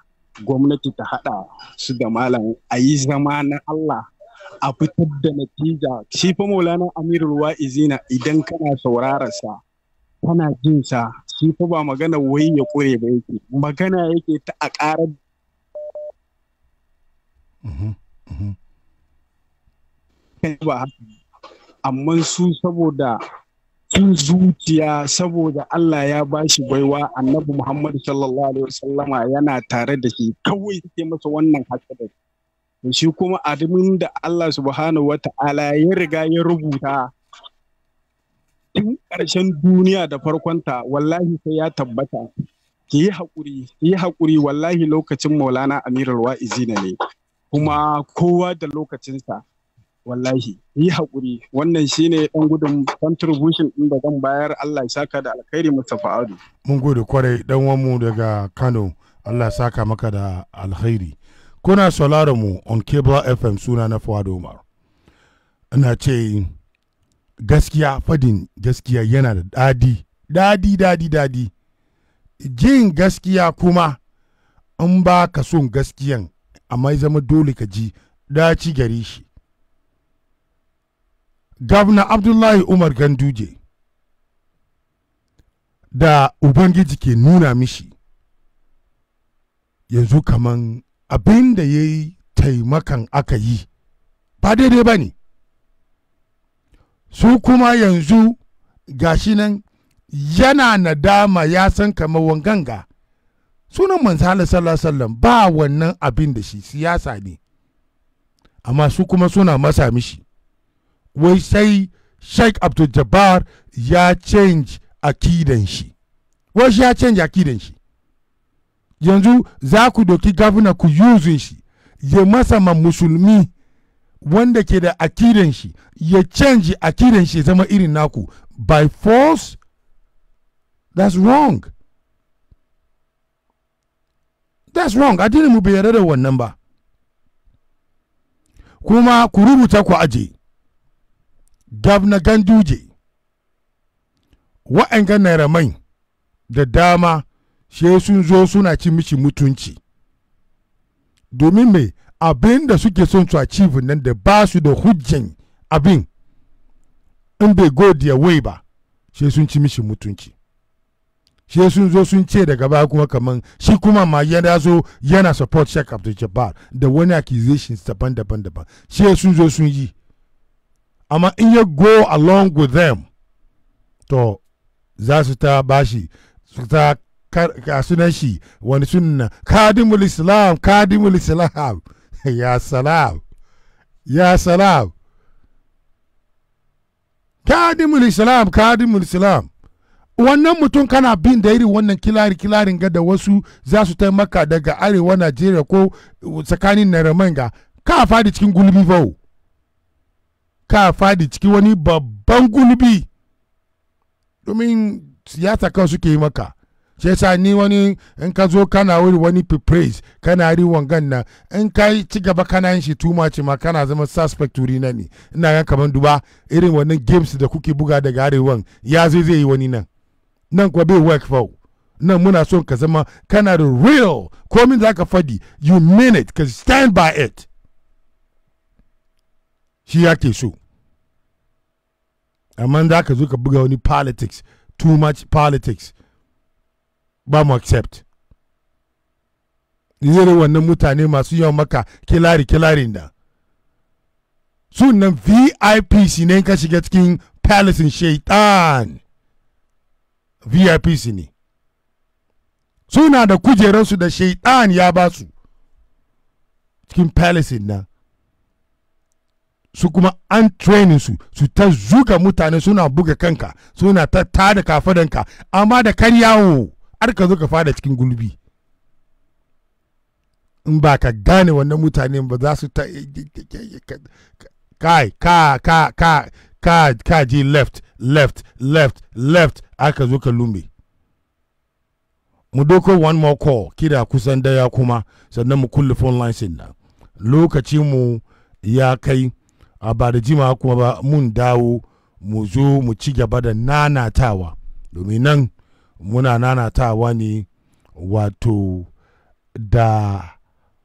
gwamnati ta hada su da malam a yi zama na Allah a fitar da natija shi fa maulana amirul wa'izina idan kana saurararsa kana jin sa shi fa ba magana wai ya kure ba yake magana yake ta a karar uhm, uhm. hankali ba haka amma su saboda sun zuciya saboda Allah ya ba shi baiwa annabi Muhammadu sallallahu alaihi wasallama yana tare da shi kawai suke masa wannan hasadar shi kuma adamin da Allah subhanahu wata'ala ya riga ya rubuta tun karshen duniya da farkonta wallahi sai ya tabbata ki yi haƙuri ki yi haƙuri wallahi lokacin maulana amirul wa'izi ne kuma kowa da lokacinsa wallahi yi haƙuri wannan shine ɗan gudun contribution ɗin da zan bayar Allah ya saka da alkhairi Mustapha Audu. Mun gode kwarai ɗan mu daga Kano Allah ya saka maka da alkhairi. Kuna sauraron mu on Cable FM suna na Fuad Umar. Ina ce gaskiya fadin gaskiya yana da dadi dadi dadi dadi jin gaskiya kuma in ba ka son gaskiyan amma zama dole ka ji daci gare shi gabna abdullahi umar ganduje da ubangiji ke nuna mishi yanzu kaman abin da ya yi taimakan aka yi ba daidai ba ne su kuma yanzu gashi nan yana nadama ya san kamar wanganga sunan manzala sallallahu ba wannan abin da shi siyasa ne amma su kuma suna masa mishi wai sai sheikh abdul jabbar ya change akidan shi wai shi ya change akidan shi yanzu za ku doki gavana ku yuzin shi ya masa ma musulmi wanda ke da akidan shi ya canji akidan shi zama irin naku by force that's wrong that's wrong mu bai yarda da wannan ba kuma ku rubuta ku aje gabna ganduje naira naramai da dama she sun zo suna ci mishi mutunci domin mai abin da suke son su achieve nan da ba su da hujjan abin in bai godiya wai ba she sun ci mishi mutunci she sun zo sun ce daga baya kuma kaman shi kuma ma yana zo yana support Sheikh Abdul Jabbar da wani accusations daban-daban daban she sun zo sun yi amma in ya go along with them to za su ta bashi su ta kasunan shi wani sunna kadimul islam kadimul islam (laughs) ya salam ya salam kadimul islam kadimul islam wannan mutum kana bin da irin wannan kilari kilarin ga da wasu za su taimaka daga arewa najeriya ko tsakanin naramanga ka fadi cikin gulbi bau ka fadi ciki wani babban gulbi domin siyasa kan suke yi maka shi yasa ni wani in ka zo kana wuri wani praise kana ri wangan na in ka ci gaba kana yin shi tuma ce ma kana zama suspect wuri na ne ina ga kaman duba irin wannan games da kuke buga daga arewan ya zai zai yi wani nan nan kuwa bai work fau nan muna son ka zama kana da real komin za ka fadi you mean it ka stand by it shi yake so amma za ka zo ka buga wani politics too much politics ba mu accept irin wannan mutane masu yawan maka kilari kilari da sunan vip shi ne ka shiga cikin palace shaitan vip shi ne suna da kujerarsu da shaitan ya ba su cikin palace na. su kuma an training su su ta zuga mutane suna buga kanka suna ta tada kafadanka amma da karyawo har ka zo ka fada cikin gulbi in ba ka gane wannan mutane ba za su ta kai ka ka ka ka ka ji left left left left aka zo ka lumbe mu doko one more call kira kusan daya kuma sannan mu kulle phone lines din nan lokacin mu ya kai a ba da jimawa kuma ba mun dawo mu zo mu ci gaba da nanatawa domin nan muna nanatawa ne wato da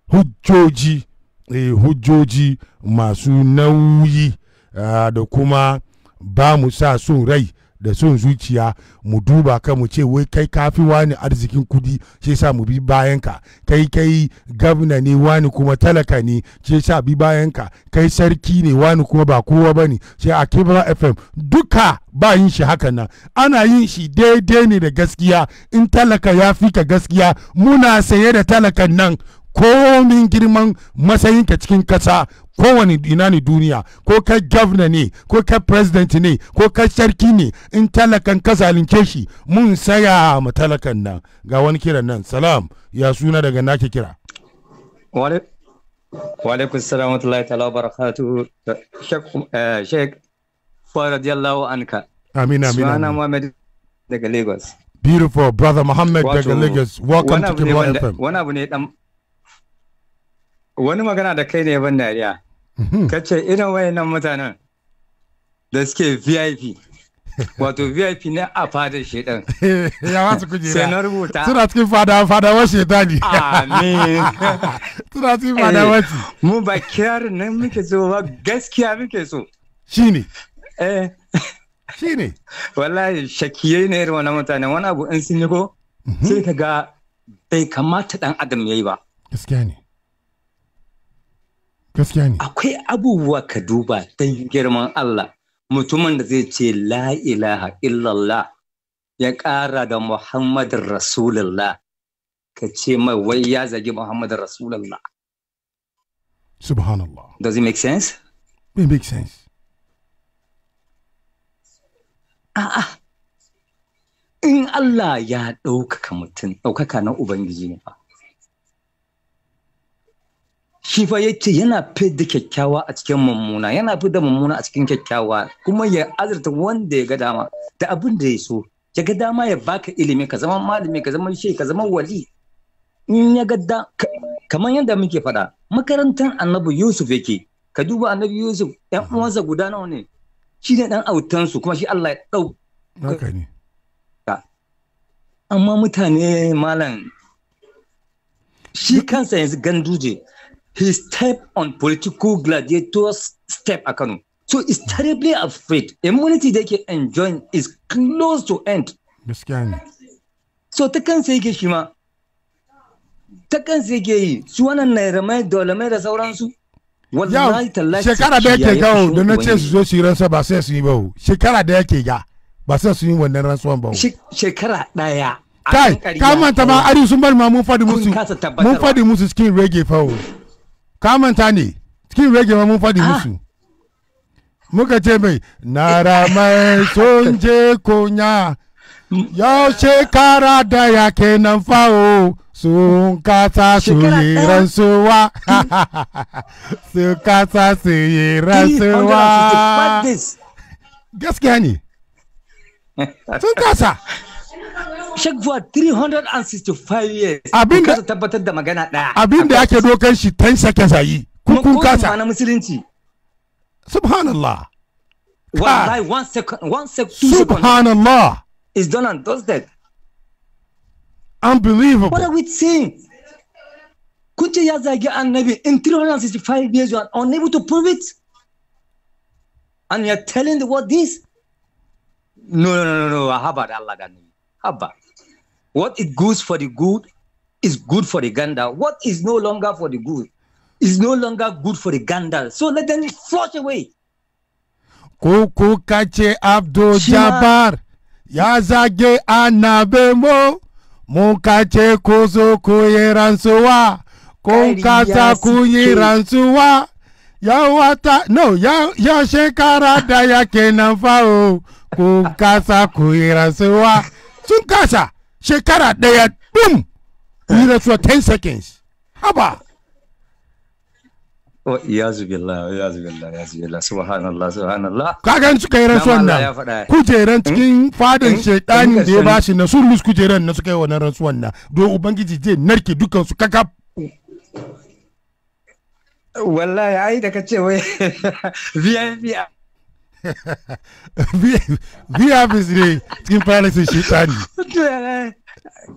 hujjoji eh, hujjoji masu nauyi uh, da kuma ba mu sa sun rai da son zuciya mu duba ka mu ce wai kai kafi wani arzikin kudi ce sa mu bi bayan ka kai kai gabna ne wani kuma talaka ne ce sa bi bayan ka kai sarki ne wani kuma ba kowa ba ne ce a kibra fm duka ba yin shi haka nan ana yin shi daidai ne da gaskiya in talaka ya fi ka gaskiya muna saye da talakan nan komin girman matsayinka cikin kasa kowane ina ne duniya ko kai governor ne ko kai president ne ko kai sarki ne in talakan ka zalunce shi mun saya ma talakan nan ga wani kiran nan salam ya suna daga nake kira walaikun salam wa ta'ala wa barakatu sheik eh, fa radiyallahu anka amin amin sunana muhammad daga lagos beautiful brother muhammad daga lagos welcome to kibla fm wani abu ne dan wani magana da kai ne ban dariya mhm. ka ce irin wayannan mutanen da suke vip wato vip ne a fadar ɗan. (laughs) ya wasu kujera sai na rubuta suna cikin fada fadawar shedani amin (laughs) suna cikin shi eh, mu ba kiyar nan muke so ba gaskiya muke so ne eh ne (laughs) wallahi shakiye ne irin wannan mutanen wani abu in sun yi ko mhm. sai ka ga bai kamata dan adam yayi ba gaskiya ne Gaskiya ne. Akwai abubuwa ka duba don girman Allah. Mutumin da zai ce la ilaha illallah ya ƙara da Muhammadin Rasulullah. Ka ce mai wai ya zagi Muhammadin Rasulullah. Subhanallah. Does it make sense? It makes sense. A'a. In Allah ya ɗaukaka mutum, ɗaukaka na Ubangiji ne ba. shi fa ce yana fidda kyakkyawa a cikin mummuna yana fidda mummuna a cikin kyakkyawa kuma ya azurta wanda ya ga dama da abin da ya so ya ga dama ya baka ilimi ka zama malami ka zama shi ka zama wali in ya ga kamar yadda muke faɗa makarantar annabi yusuf yake ka duba annabi yusuf yan uwansa guda nawa ne shi ne dan autansu kuma shi allah ya amma mutane malam shi kansa yanzu ganduje he stepped on political gladiators step a Kano. So he's terribly afraid. Immunity they can enjoy is close to end. Gaskiya So ta kansa yake shi ma. Ta kansa ke yi. Su wannan nairamai mai da sauransu. Wallahi tallahi. Shekara da yake ga da na ce su zo su yi ransa ba sai su yi ba. Shekara da yake ga ba sai su yi wannan rantsuwan ba. Shekara daya. Kai, kamanta ma ari sun bar ma mun fadi musu. Mun fadi musu cikin reggae fa. kamanta ne cikin rage mun faɗi ah. musu muka ce mai nara mai son (laughs) je kunya yau shekara da ya kenan fa'o sun kasa su yi rantsuwa (laughs) sun kasa su yi rantsuwa gaskiya ne (laughs) sun kasa shagwa 365 years abin da tabbatar da magana daya abin da yake dokan shi 10 seconds ayi kun kasa na musulunci subhanallah wallahi ah. one second one second two seconds? subhanallah is done and does that unbelievable what are we saying kunce ya zagi annabi in 365 years you are unable to prove it and you are telling the world this no no no no how about Allah how about what is good for the good is good for the gander. What is no longer for the good is no longer good for the gander. So let them flush away. Kuku kache Abdul Jabbar yazage anabemo, mukache mu mu kace ku zo ku yi rantsuwa kun kasa ku yi rantsuwa no ya shekara da yake nan fa o kun kasa ku yi rantsuwa shekara ɗaya ɗum yi rasuwa 10 seconds haba ya oh, iyazu ya wa ya billah iyazu billah subhanallah subhanallah kagan suka yi rasuwan nan kujeran hmm? cikin fadin hmm? shaidanin da ya bashi na sun lus kujeran na suka yi wannan rasuwan nan don ubangiji zai narke dukan su kakaf wallahi ai da kace wai (laughs) vip bi ya fi ne cikin shi shaitani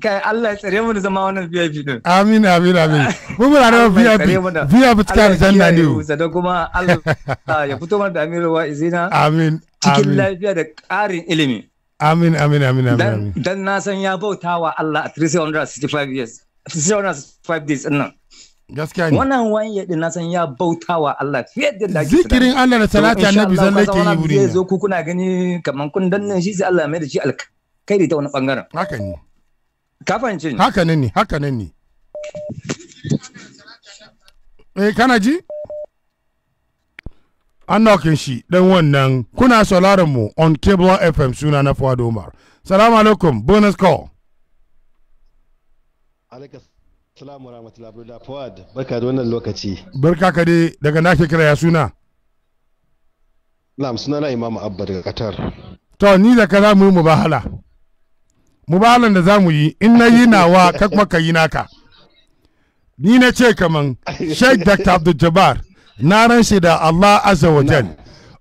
kai Allah ya tsare mu da zama wannan VIP din amin amin amin Mun muna da VIP VIP tsaka da janna ne sannan kuma Allah (laughs) ya fito mana da amirwa izina amin cikin lafiya da ƙarin ilimi amin amin amin amin dan na san ya bautawa Allah a 365 years 365 days din nan gaskiya ne wannan wanye din na san ya bauta wa Allah fiye da da zikirin Allah da salati annabi sallallahu alaihi wasallam zai zo ku kuna gani kaman kun danna shi sai Allah mai da shi alkhairi ta wani bangaren haka ne ka fahimce ne. haka ne haka ne eh kana ji an nokin shi dan wannan kuna sauraron mu on cable fm suna na fuwa domar salamu alaikum bonus call alaikum Assalamu warahmatullahi wabarakatuh. Fawad barka da wannan lokaci. Barka ka dai daga nake kira ya suna. Na'am na Imam Abba daga Qatar. To ni da ka za mu yi mubahala. Mubahalan da za mu yi in na yi nawa ka kuma ka yi naka. Ni na ce kaman Sheikh Dr. Abdul Jabbar na ran shi da Allah Azza wa Jal.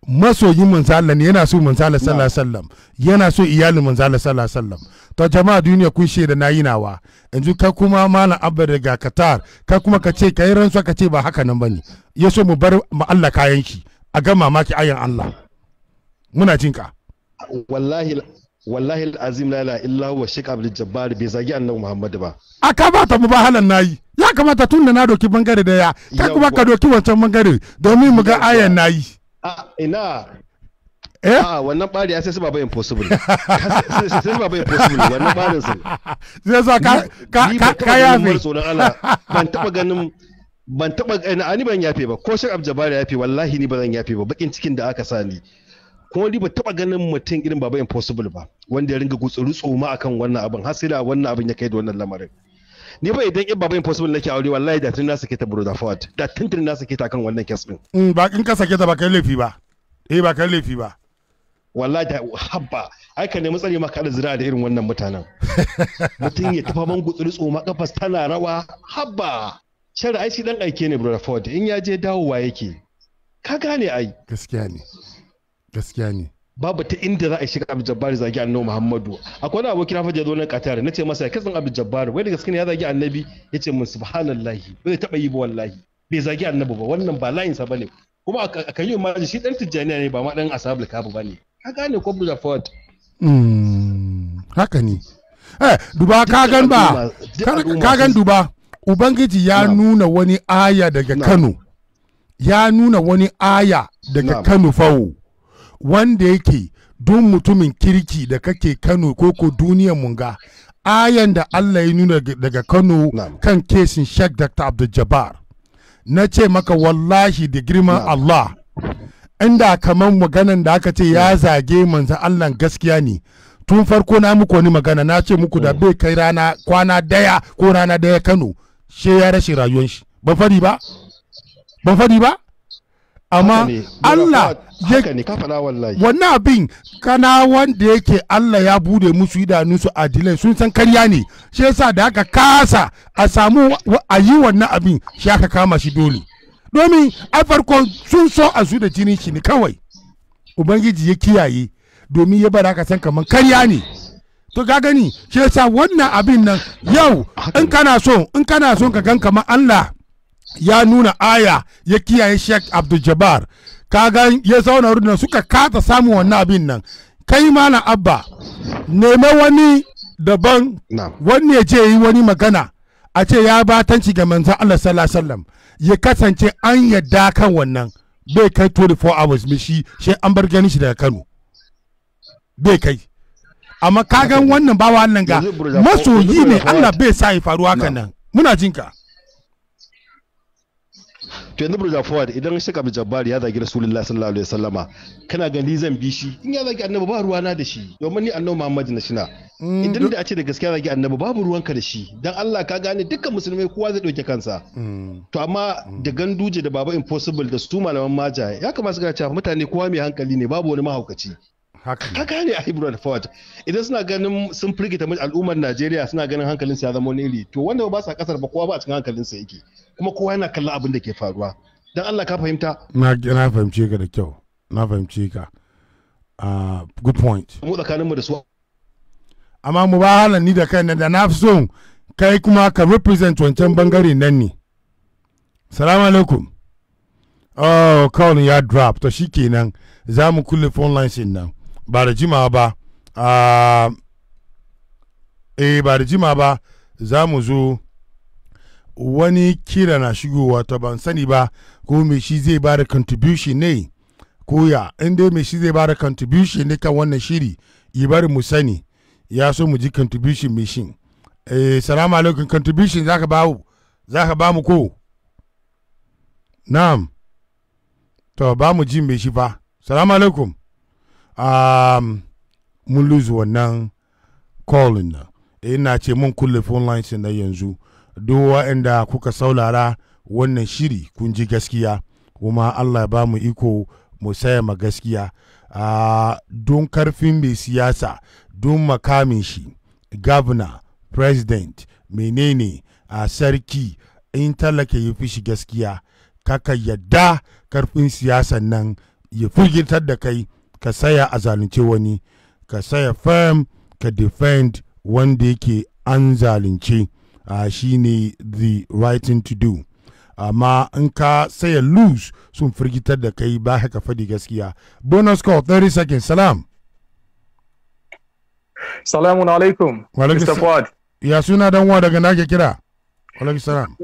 Masoyin manzo Allah ne yana so manzo Allah sallallahu alaihi wasallam yana so iyalin manzo Allah sallallahu alaihi wasallam. to jama'a duniya kun shaida na yi nawa yanzu kai kuma malam abba daga qatar kai kuma ka ce kai yi ka ce ba haka nan bane ya so mu bar mu Allah kayan shi a ga mamaki ayan Allah muna jin ka wallahi wallahi alazim la ilaha illa huwa shaykh abdul jabbar bai zagi annabi muhammad ba a kamata mu ba halan nayi ya kamata tun da na doki bangare ya kai kuma ka doki wancan bangare domin mu ga ayan nayi ina eh ah, wannan bari ya sai su baba impossible (laughs) sai su baba impossible wannan barin su zai sa ka ka ka yafe ban taba ganin ban taba eh, ni ban yafe ba ko shek abjabar ya fi wallahi ni ba zan yafe ba bakin cikin da aka sa ni kuma ni ba taba ganin mutum irin baba impossible ba wanda ya ringa gutsuru tsoma akan wannan abin har sai da wannan abin ya kai da wannan lamarin ni ba idan in baba impossible nake aure wallahi da tun na sake ta broda forward da tun tun na sake ta kan wannan case din mm, ba in ka sake ta ba kai laifi ba eh ba kai laifi ba wallahi da habba ai ka nemi tsare maka da zira da irin wannan mutanen (laughs) mutum ya tafa man gutsuri tsoma kafas tana rawa habba shara ai shi dan aike ne brother ford in ya je dawowa yake ka gane ai gaskiya ne gaskiya ne babu ta inda za a shiga abu jabbari zagi annabi muhammadu akwai wani abokin hafa jazo nan na nace masa ya katsan abu jabbari wai da gaskiya ne ya zagi annabi yace mun subhanallahi bai taba yi ba wallahi bai zagi annabi ba wannan ba layinsa bane kuma a kan yi imajin shi dan tijjaniya ne ba ma dan ashabul kabu bane Hmm, haka ne eh, duba ka gan ba ka duba ubangiji ya nuna wani aya daga kano ya nuna wani aya daga kano fawo wanda yake duk mutumin kirki da kake kano ko ko duniyar munga ayan da allah ya nuna daga kano kan kesin sheikh dr abdul jabbar na ce maka wallahi da girman allah inda kamar maganan da aka ce ya zage manzan Allah gaskiya ne tun farko na muku wani magana na ce muku da oh. bai kai rana kwana daya ko rana daya Kano she ya rashe rayuwar shi ba fadi ba ban fadi ba amma Allah ya wannan abin kana wanda yake Allah ya bude musu idanunsu adilai sun san karya ne shi yasa da aka kasa a samu a yi wannan abin shi aka kama shi dole domin a farkon sun so a su da jini shi ne kawai ubangiji ya kiyaye domin ya bara ka san kaman karya ne to ga gani shi yasa wannan abin nan yau in kana so in kana so ka gan kamar Allah ya nuna aya ya kiyaye Sheikh Abdul Jabbar ka ga ya zauna wurin suka kata samun wannan abin nan kai malam abba nema wani daban wani ya je yi wani magana a ce ya batanci ga manzo Allah sallallahu alaihi wasallam ya kasance an yadda kan wannan bai kai 24 hours mai shi shi an bar gani shi daga kano bai kai amma kagan wannan bawa wannan ga masoyi ne allah bai sa ya faru hakan nan muna jinka to yanzu burja fawad idan shi kabi jabbar ya zagi rasulullah sallallahu alaihi wasallama kana gani zan bi shi in ya zagi annabi ba ruwana da shi domin ni annabi muhammad na shina mm, idan da a ce da gaskiya zagi annabi babu ruwanka da shi dan Allah ka gane dukkan musulmai kowa zai dauke kansa mm. to amma da mm. ganduje da baba impossible da su malaman maja ya kamata su gane cewa mutane kowa mai hankali ne babu wani mahaukaci ka gane a ibro da fawata idan suna ganin sun firgita al'ummar najeriya suna ganin hankalin ya zama wani to wanda ba sa kasar ba kowa ba a cikin hankalinsa yake kuma kowa yana kallon abin da ke faruwa don allah ka fahimta na fahimce ka da kyau na fahimce ka ah, good point mu tsakaninmu da su amma mu ba halan ni da kai da na fi so kai kuma ka represent wancan bangare nan ne salamu alaikum oh kawai ya drop to shikenan za mu kulle phone lines din nan ba da jimawa ba a ah, e eh, ba da jima ba za mu zo wani kira na shigowa ta ban sani ba ko me shi zai ba da contribution ne ko in dai me shi zai ba da contribution ne kan wannan shiri yi bari mu sani ya so mu ji contribution me shin eh salamu alaikum contribution zaka ba zaka ba mu ko na'am to ba mu ji me shi fa salamu alaikum um, mun lose wannan calling na eh, ina ce mun kulle phone lines na yanzu duk waɗanda kuka saulara wannan shiri kun ji gaskiya kuma allah ya ba mu iko mu saya ma gaskiya uh, don karfin mai siyasa don makamin shi governor president menene a uh, sarki in talaka ya fi shi gaskiya kaka yadda karfin siyasan nan ya firgitar da kai ka saya a zalunce wani ka saya firm ka defend wanda yake an zalunce uh, ah, shi ne the right thing to do amma in ka saya loose sun firgitar da kai ba haka faɗi gaskiya bonus call 30 seconds salam salamu alaikum mr fuad ya suna dan wa daga nake kira alaikum salam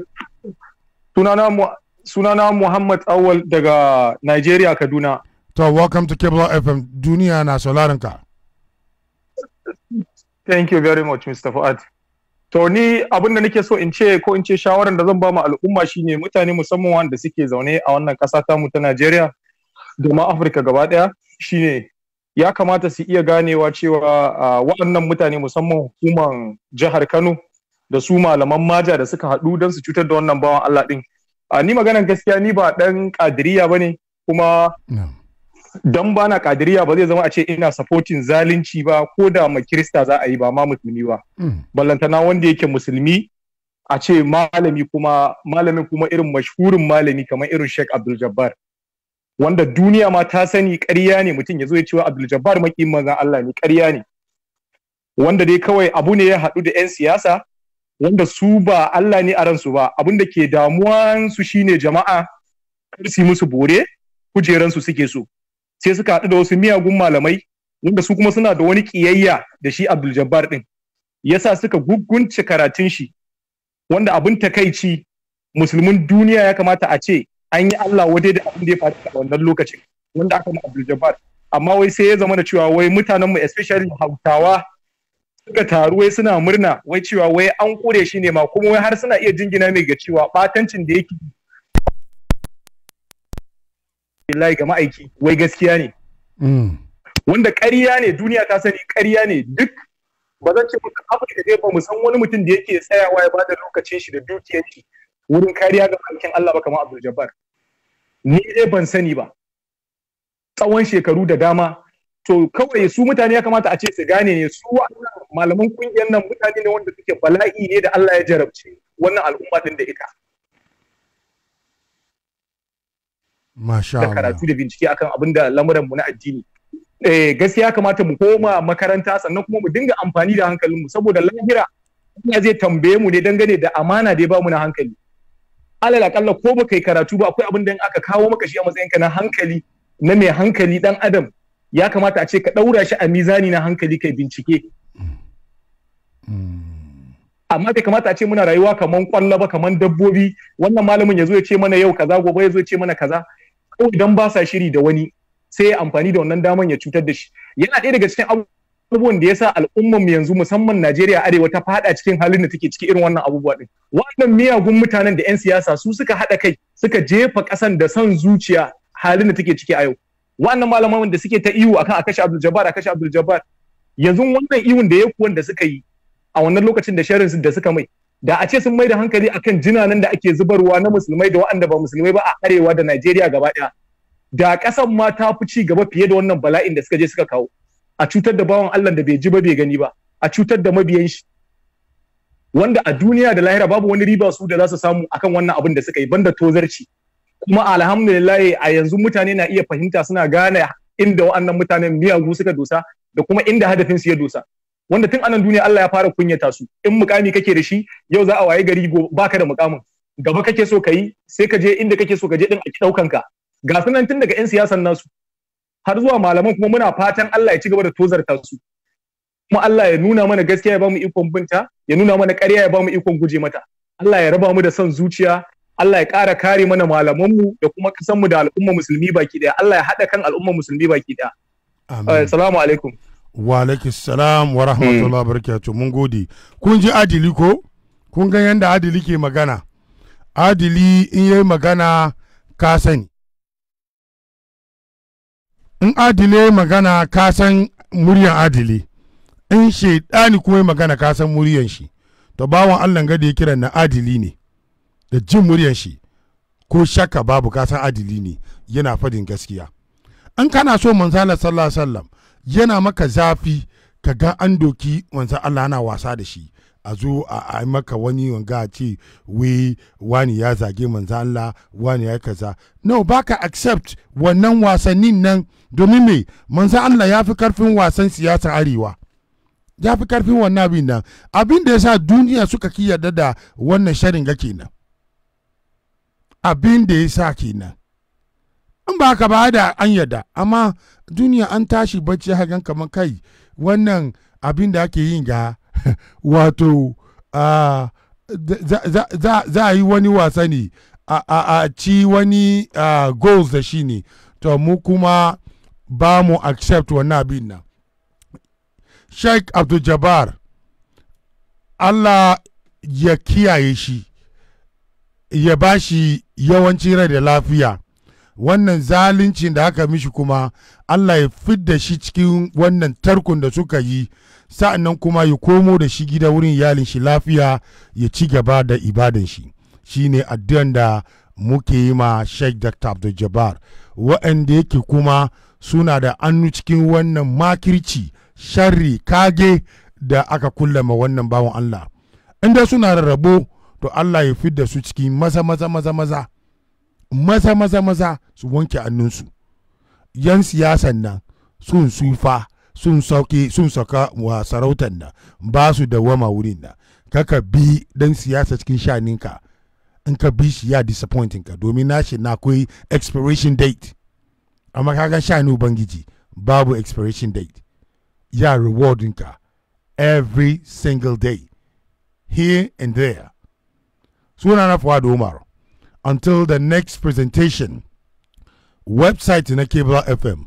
sunana muhammad awal daga nigeria kaduna To, welcome to Kebla FM. Duniya na sauraron ka. Thank you very much, Mr. Fuad. To ni abinda nake so in ce ko in ce shawaran da zan ba mu al'umma shine mutane musamman wanda suke zaune a wannan ƙasa ta mu ta Najeriya da ma Afirka gaba ɗaya shine ya kamata su iya ganewa cewa waɗannan mutane musamman hukuman jihar Kano da su malaman maja da suka haɗu don su cutar da wannan bawan Allah ɗin. Ni maganan gaskiya ni ba ɗan ƙadiriya ba ne kuma ba na kadiriya ba zai zama a ce ina supporting zalunci ba ko da ma kirista za a yi ba ma musulmi ba hmm. ballantana wanda yake musulmi a ce malami kuma malamin kuma irin mashhurin malami kamar irin Sheikh Abdul Jabbar wanda duniya ma ta sani ƙarya ne mutum ya zo ya cewa Abdul Jabbar maƙin manzon Allah ne ƙarya ne wanda dai kawai abu ne ya haɗu da 'yan siyasa wanda su ba Allah ne a ransu ba abin da ke damuwansu shine jama'a kar su musu bore kujeransu suke so sai suka haɗu da wasu miyagun malamai wanda su kuma suna da wani ƙiyayya da shi Abdul Jabbar ɗin. Yasa suka guggunce karatun shi wanda abin takaici musulmin duniya ya kamata a ce an yi Allah wade da abin da ya faru a wannan lokacin wanda aka ma Abdul Jabbar. Amma wai sai ya zama da cewa wai mu especially hautawa, suka taru wai suna murna wai cewa wai an kure shi ne ma kuma wai har suna iya jingina mai ga cewa batancin da yake billahi ga ma'aiki wai gaskiya ne mm. wanda ƙarya ne duniya ta sani ƙarya ne duk ba zan ce muka afirka ba mu san wani mutum da yake tsayawa ya bada lokacin shi da dukiyar shi wurin kariya ga mulkin Allah ba kamar Abdul Jabbar ni dai ban sani ba tsawon shekaru da dama to kawai su mutane ya kamata a ce su gane ne su malaman kungiyar nan mutane ne wanda suke bala'i ne da Allah ya jarabce wannan al'umma din da ita da karatu da bincike akan abin da lamuranmu na addini eh gaskiya kamata mu koma makaranta sannan kuma mu dinga amfani da hankalin mu saboda lahira Allah zai tambaye mu ne dangane da amana da ya ba mu na hankali alal akalla ko baka yi karatu ba akwai abin da aka kawo maka shi a matsayinka na hankali na mai hankali dan adam ya kamata a ce ka daura shi a mizani na hankali kai bincike amma bai kamata a ce muna rayuwa kaman kwallo ba kaman dabbobi wannan malamin ya zo ya ce mana yau kaza gobe ya zo ya ce mana kaza ko idan ba sa shiri da wani sai ya amfani da wannan daman ya cutar da shi yana ɗaya daga cikin abubuwan da ya sa al'umman yanzu musamman Najeriya arewa ta fada cikin halin da take ciki irin wannan abubuwa din wannan miyagun mutanen da 'yan siyasa su suka haɗa kai suka jefa ƙasan da son zuciya halin da take ciki a yau wannan malaman da suke ta ihu akan a kashe Abdul Jabbar a kashe Abdul Jabbar yanzu wannan ihun da ya kuwan da suka yi a wannan lokacin da su da suka mai da a ce sun mai da hankali akan jinanan da ake zubarwa na musulmai da waɗanda ba musulmai ba a arewa da Najeriya gaba ɗaya da ƙasan ma ta fi ci gaba fiye da wannan bala'in da suka je suka kawo a cutar da bawan Allah da bai ji ba bai gani ba a cutar da mabiyan shi wanda a duniya da lahira babu wani riba su da za su samu akan wannan abin da suka yi banda tozarci kuma alhamdulillah a yanzu mutane na iya fahimta suna gane inda wa'annan mutanen miyagu suka dosa da kuma inda hadafin su ya dosa wanda tun anan duniya Allah ya fara kunyata su in mukami kake da shi yau za a waye gari go baka da mukamin gaba kake so yi, sai ka je inda kake so ka je din a daukan ka ga sunan tun daga yan siyasan nasu har zuwa malaman kuma muna fatan Allah ya ci gaba da tozarta su kuma Allah ya nuna mana gaskiya ya ba mu ikon binta ya nuna mana ƙarya ya ba mu ikon guje mata Allah ya raba mu da son zuciya Allah ya ƙara kare mana malamanmu da kuma kasanmu da al'umma musulmi baki ɗaya Allah ya haɗa kan al'umma musulmi baki ɗaya. Assalamu alaikum. wa salam wa rahmatullahi barakatuh mun gode kun ji adili ko kun ga yanda adili ke magana adili in yayi magana ka sani in adile magana ka san muryan adili in shaidani kuma yi magana ka san muryan shi to bawan allah gadi ya kiran na adili ne da jin muryan shi ko shakka babu ka san adili ne yana fadin gaskiya in kana so manzala sallallahu alaihi wasallam yana maka zafi ka ga an doki wanzan Allah na wasa da shi a zo a maka wani wanga a ce we wani ya zage manzan Allah wani ya kaza no baka accept wannan wasannin nan domin me manzan Allah ya fi karfin wasan siyasa arewa ya fi karfin wannan abin nan abin da ya sa duniya suka ki yarda da wannan sharin ga kenan abin da ya sa kenan in ba ka ba da an yadda amma duniya an tashi bacci hagan kamar kai wannan abin da ake yin ga (laughs) wato za a yi wani wasa ne a ci wani goals da shi ne to mu kuma ba mu accept wannan abin nan sheikh abdul allah ya kiyaye shi ya ba shi yawanci rai da lafiya wannan zaluncin da aka mishi kuma Allah ya da shi cikin wannan tarkon da suka yi sa'annan kuma ya komo da shi gida wurin iyalin shi lafiya ya ci gaba da ibadan shi shine addu'an da muke yi ma Sheikh Dr. Abdul Jabbar waɗanda yake kuma suna da annu cikin wannan makirci sharri kage da aka kullama wannan bawan Allah inda suna rarrabo to Allah ya da su cikin maza maza maza maza maza maza maza su wanke hannunsu yan siyasan nan sun sufa sun sauke sun saka wa sarautan nan ba su da wama wurin nan kaka bi dan siyasa cikin shaninka in ka bi shi ya disappointing ka domin nashi na akwai expiration date amma kaga shani ubangiji babu expiration date ya rewarding ka every single day here and there suna na fuwa da umaru. until the next presentation website na cable fm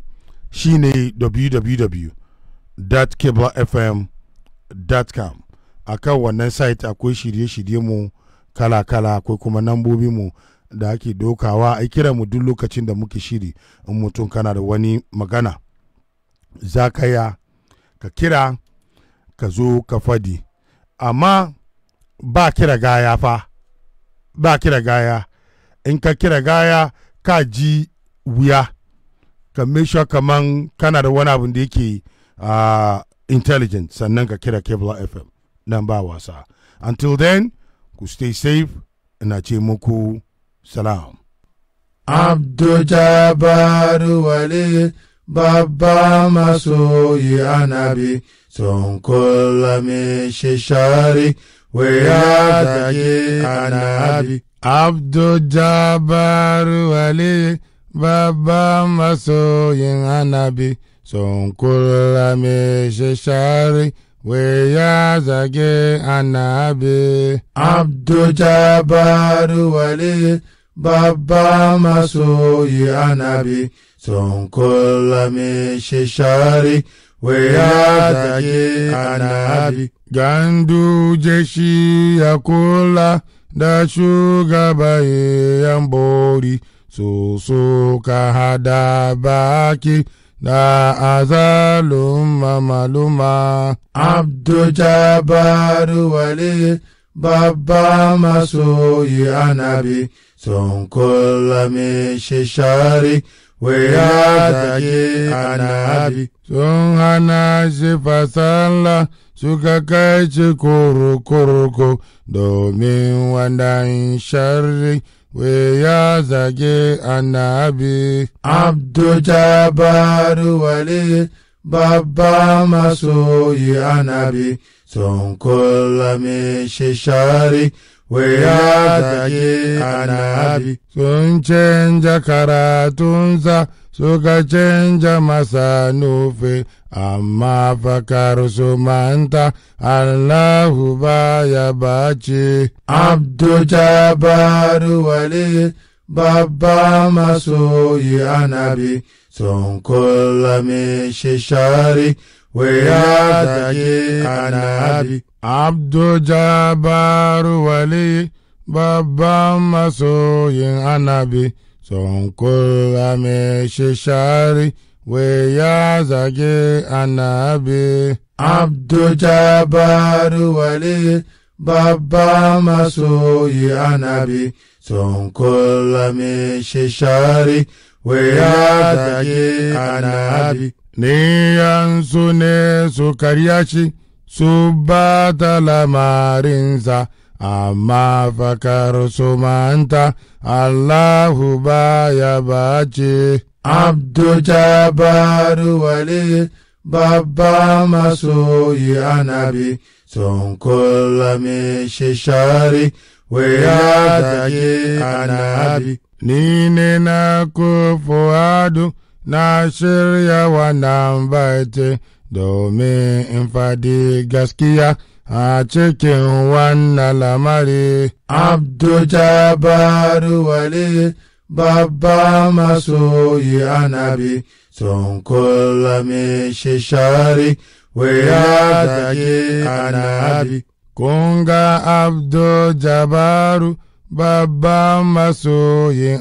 shine www.cablefm.com a kan wannan site akwai shirye-shirye mu kala-kala akwai kuma nambobi mu da ake dokawa a kira mu duk lokacin da muke shiri in mutum kana da wani magana za ka ya ka kira ka zo ka fadi amma ba kira gaya fa ba kira gaya in ka kira gaya ka ji wuya ka sure kaman kana da wani abin da yake ah, intelligent sannan ka kira kebla fm nan ba wasa until then ku stay safe ina ce muku salam abdujabaru wale babba masoyi anabi sun kula mai shishari waya zage annabi abdujabbar wali babban masoyin annabi sun kula mai shishari waya zage annabi abdujabbar wali babban masoyin annabi sun kula shi shari. weyazake annabi gandu jeshi ya kula da shugaban yan bori su suka hada baki da azaluma maluma abdujabaru wale babba masoyi anabi sun kula mai shishari wai ya zage sun hana shi fasalla suka kai shi kurkurku domin wannan sharri wai ya zage annabi abdu wali babba masoyi annabi sun kulla shi shari waya zage annabi sun canja karatunsa suka canja masa nufi amma fakar su manta allahu baya bace abdu jabaru babba masoyi annabi sun kulla mai shishari وياتي النبي عبد جبار ولي babban masoyin annabi sun kula mai shishari wai ya zage annabi abdujabar wale babban masoyi anabi. sun kula mai shishari wai ya zage annabi yanzu ne su karya shi, su ba ta lamarinsa, amma fakar su manta, Allahu ba ya bace. Abdu Jabaru Wali, babba masoyi anabi, sun kula shi shari, waya take anabi. Ni ne na kufu adu. na shirya wannan baiti domin in faɗi gaskiya a cikin wannan lamari. Abdu Jabaru Wali babba masoyi anabi sun kullame shi shari waya zage anabi. Kunga Abdu Jabaru babba ana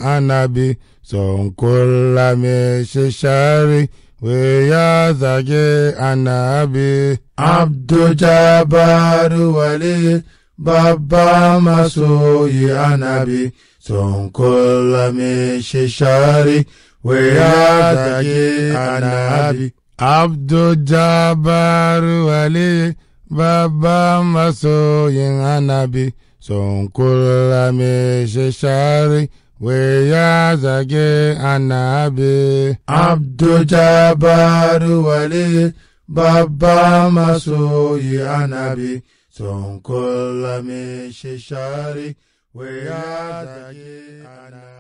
anabi. Sonkola mai shishari we ya zage annabi abdujabaru wali babba masoyi annabi Sonkola mai shishari we ya zage annabi abdujabaru wali babba masoyin annabi Sonkola mai shishari wai ya zage annabi abdujabaru wale babba masoyi annabi sun kulla mai shishari ya zage annabi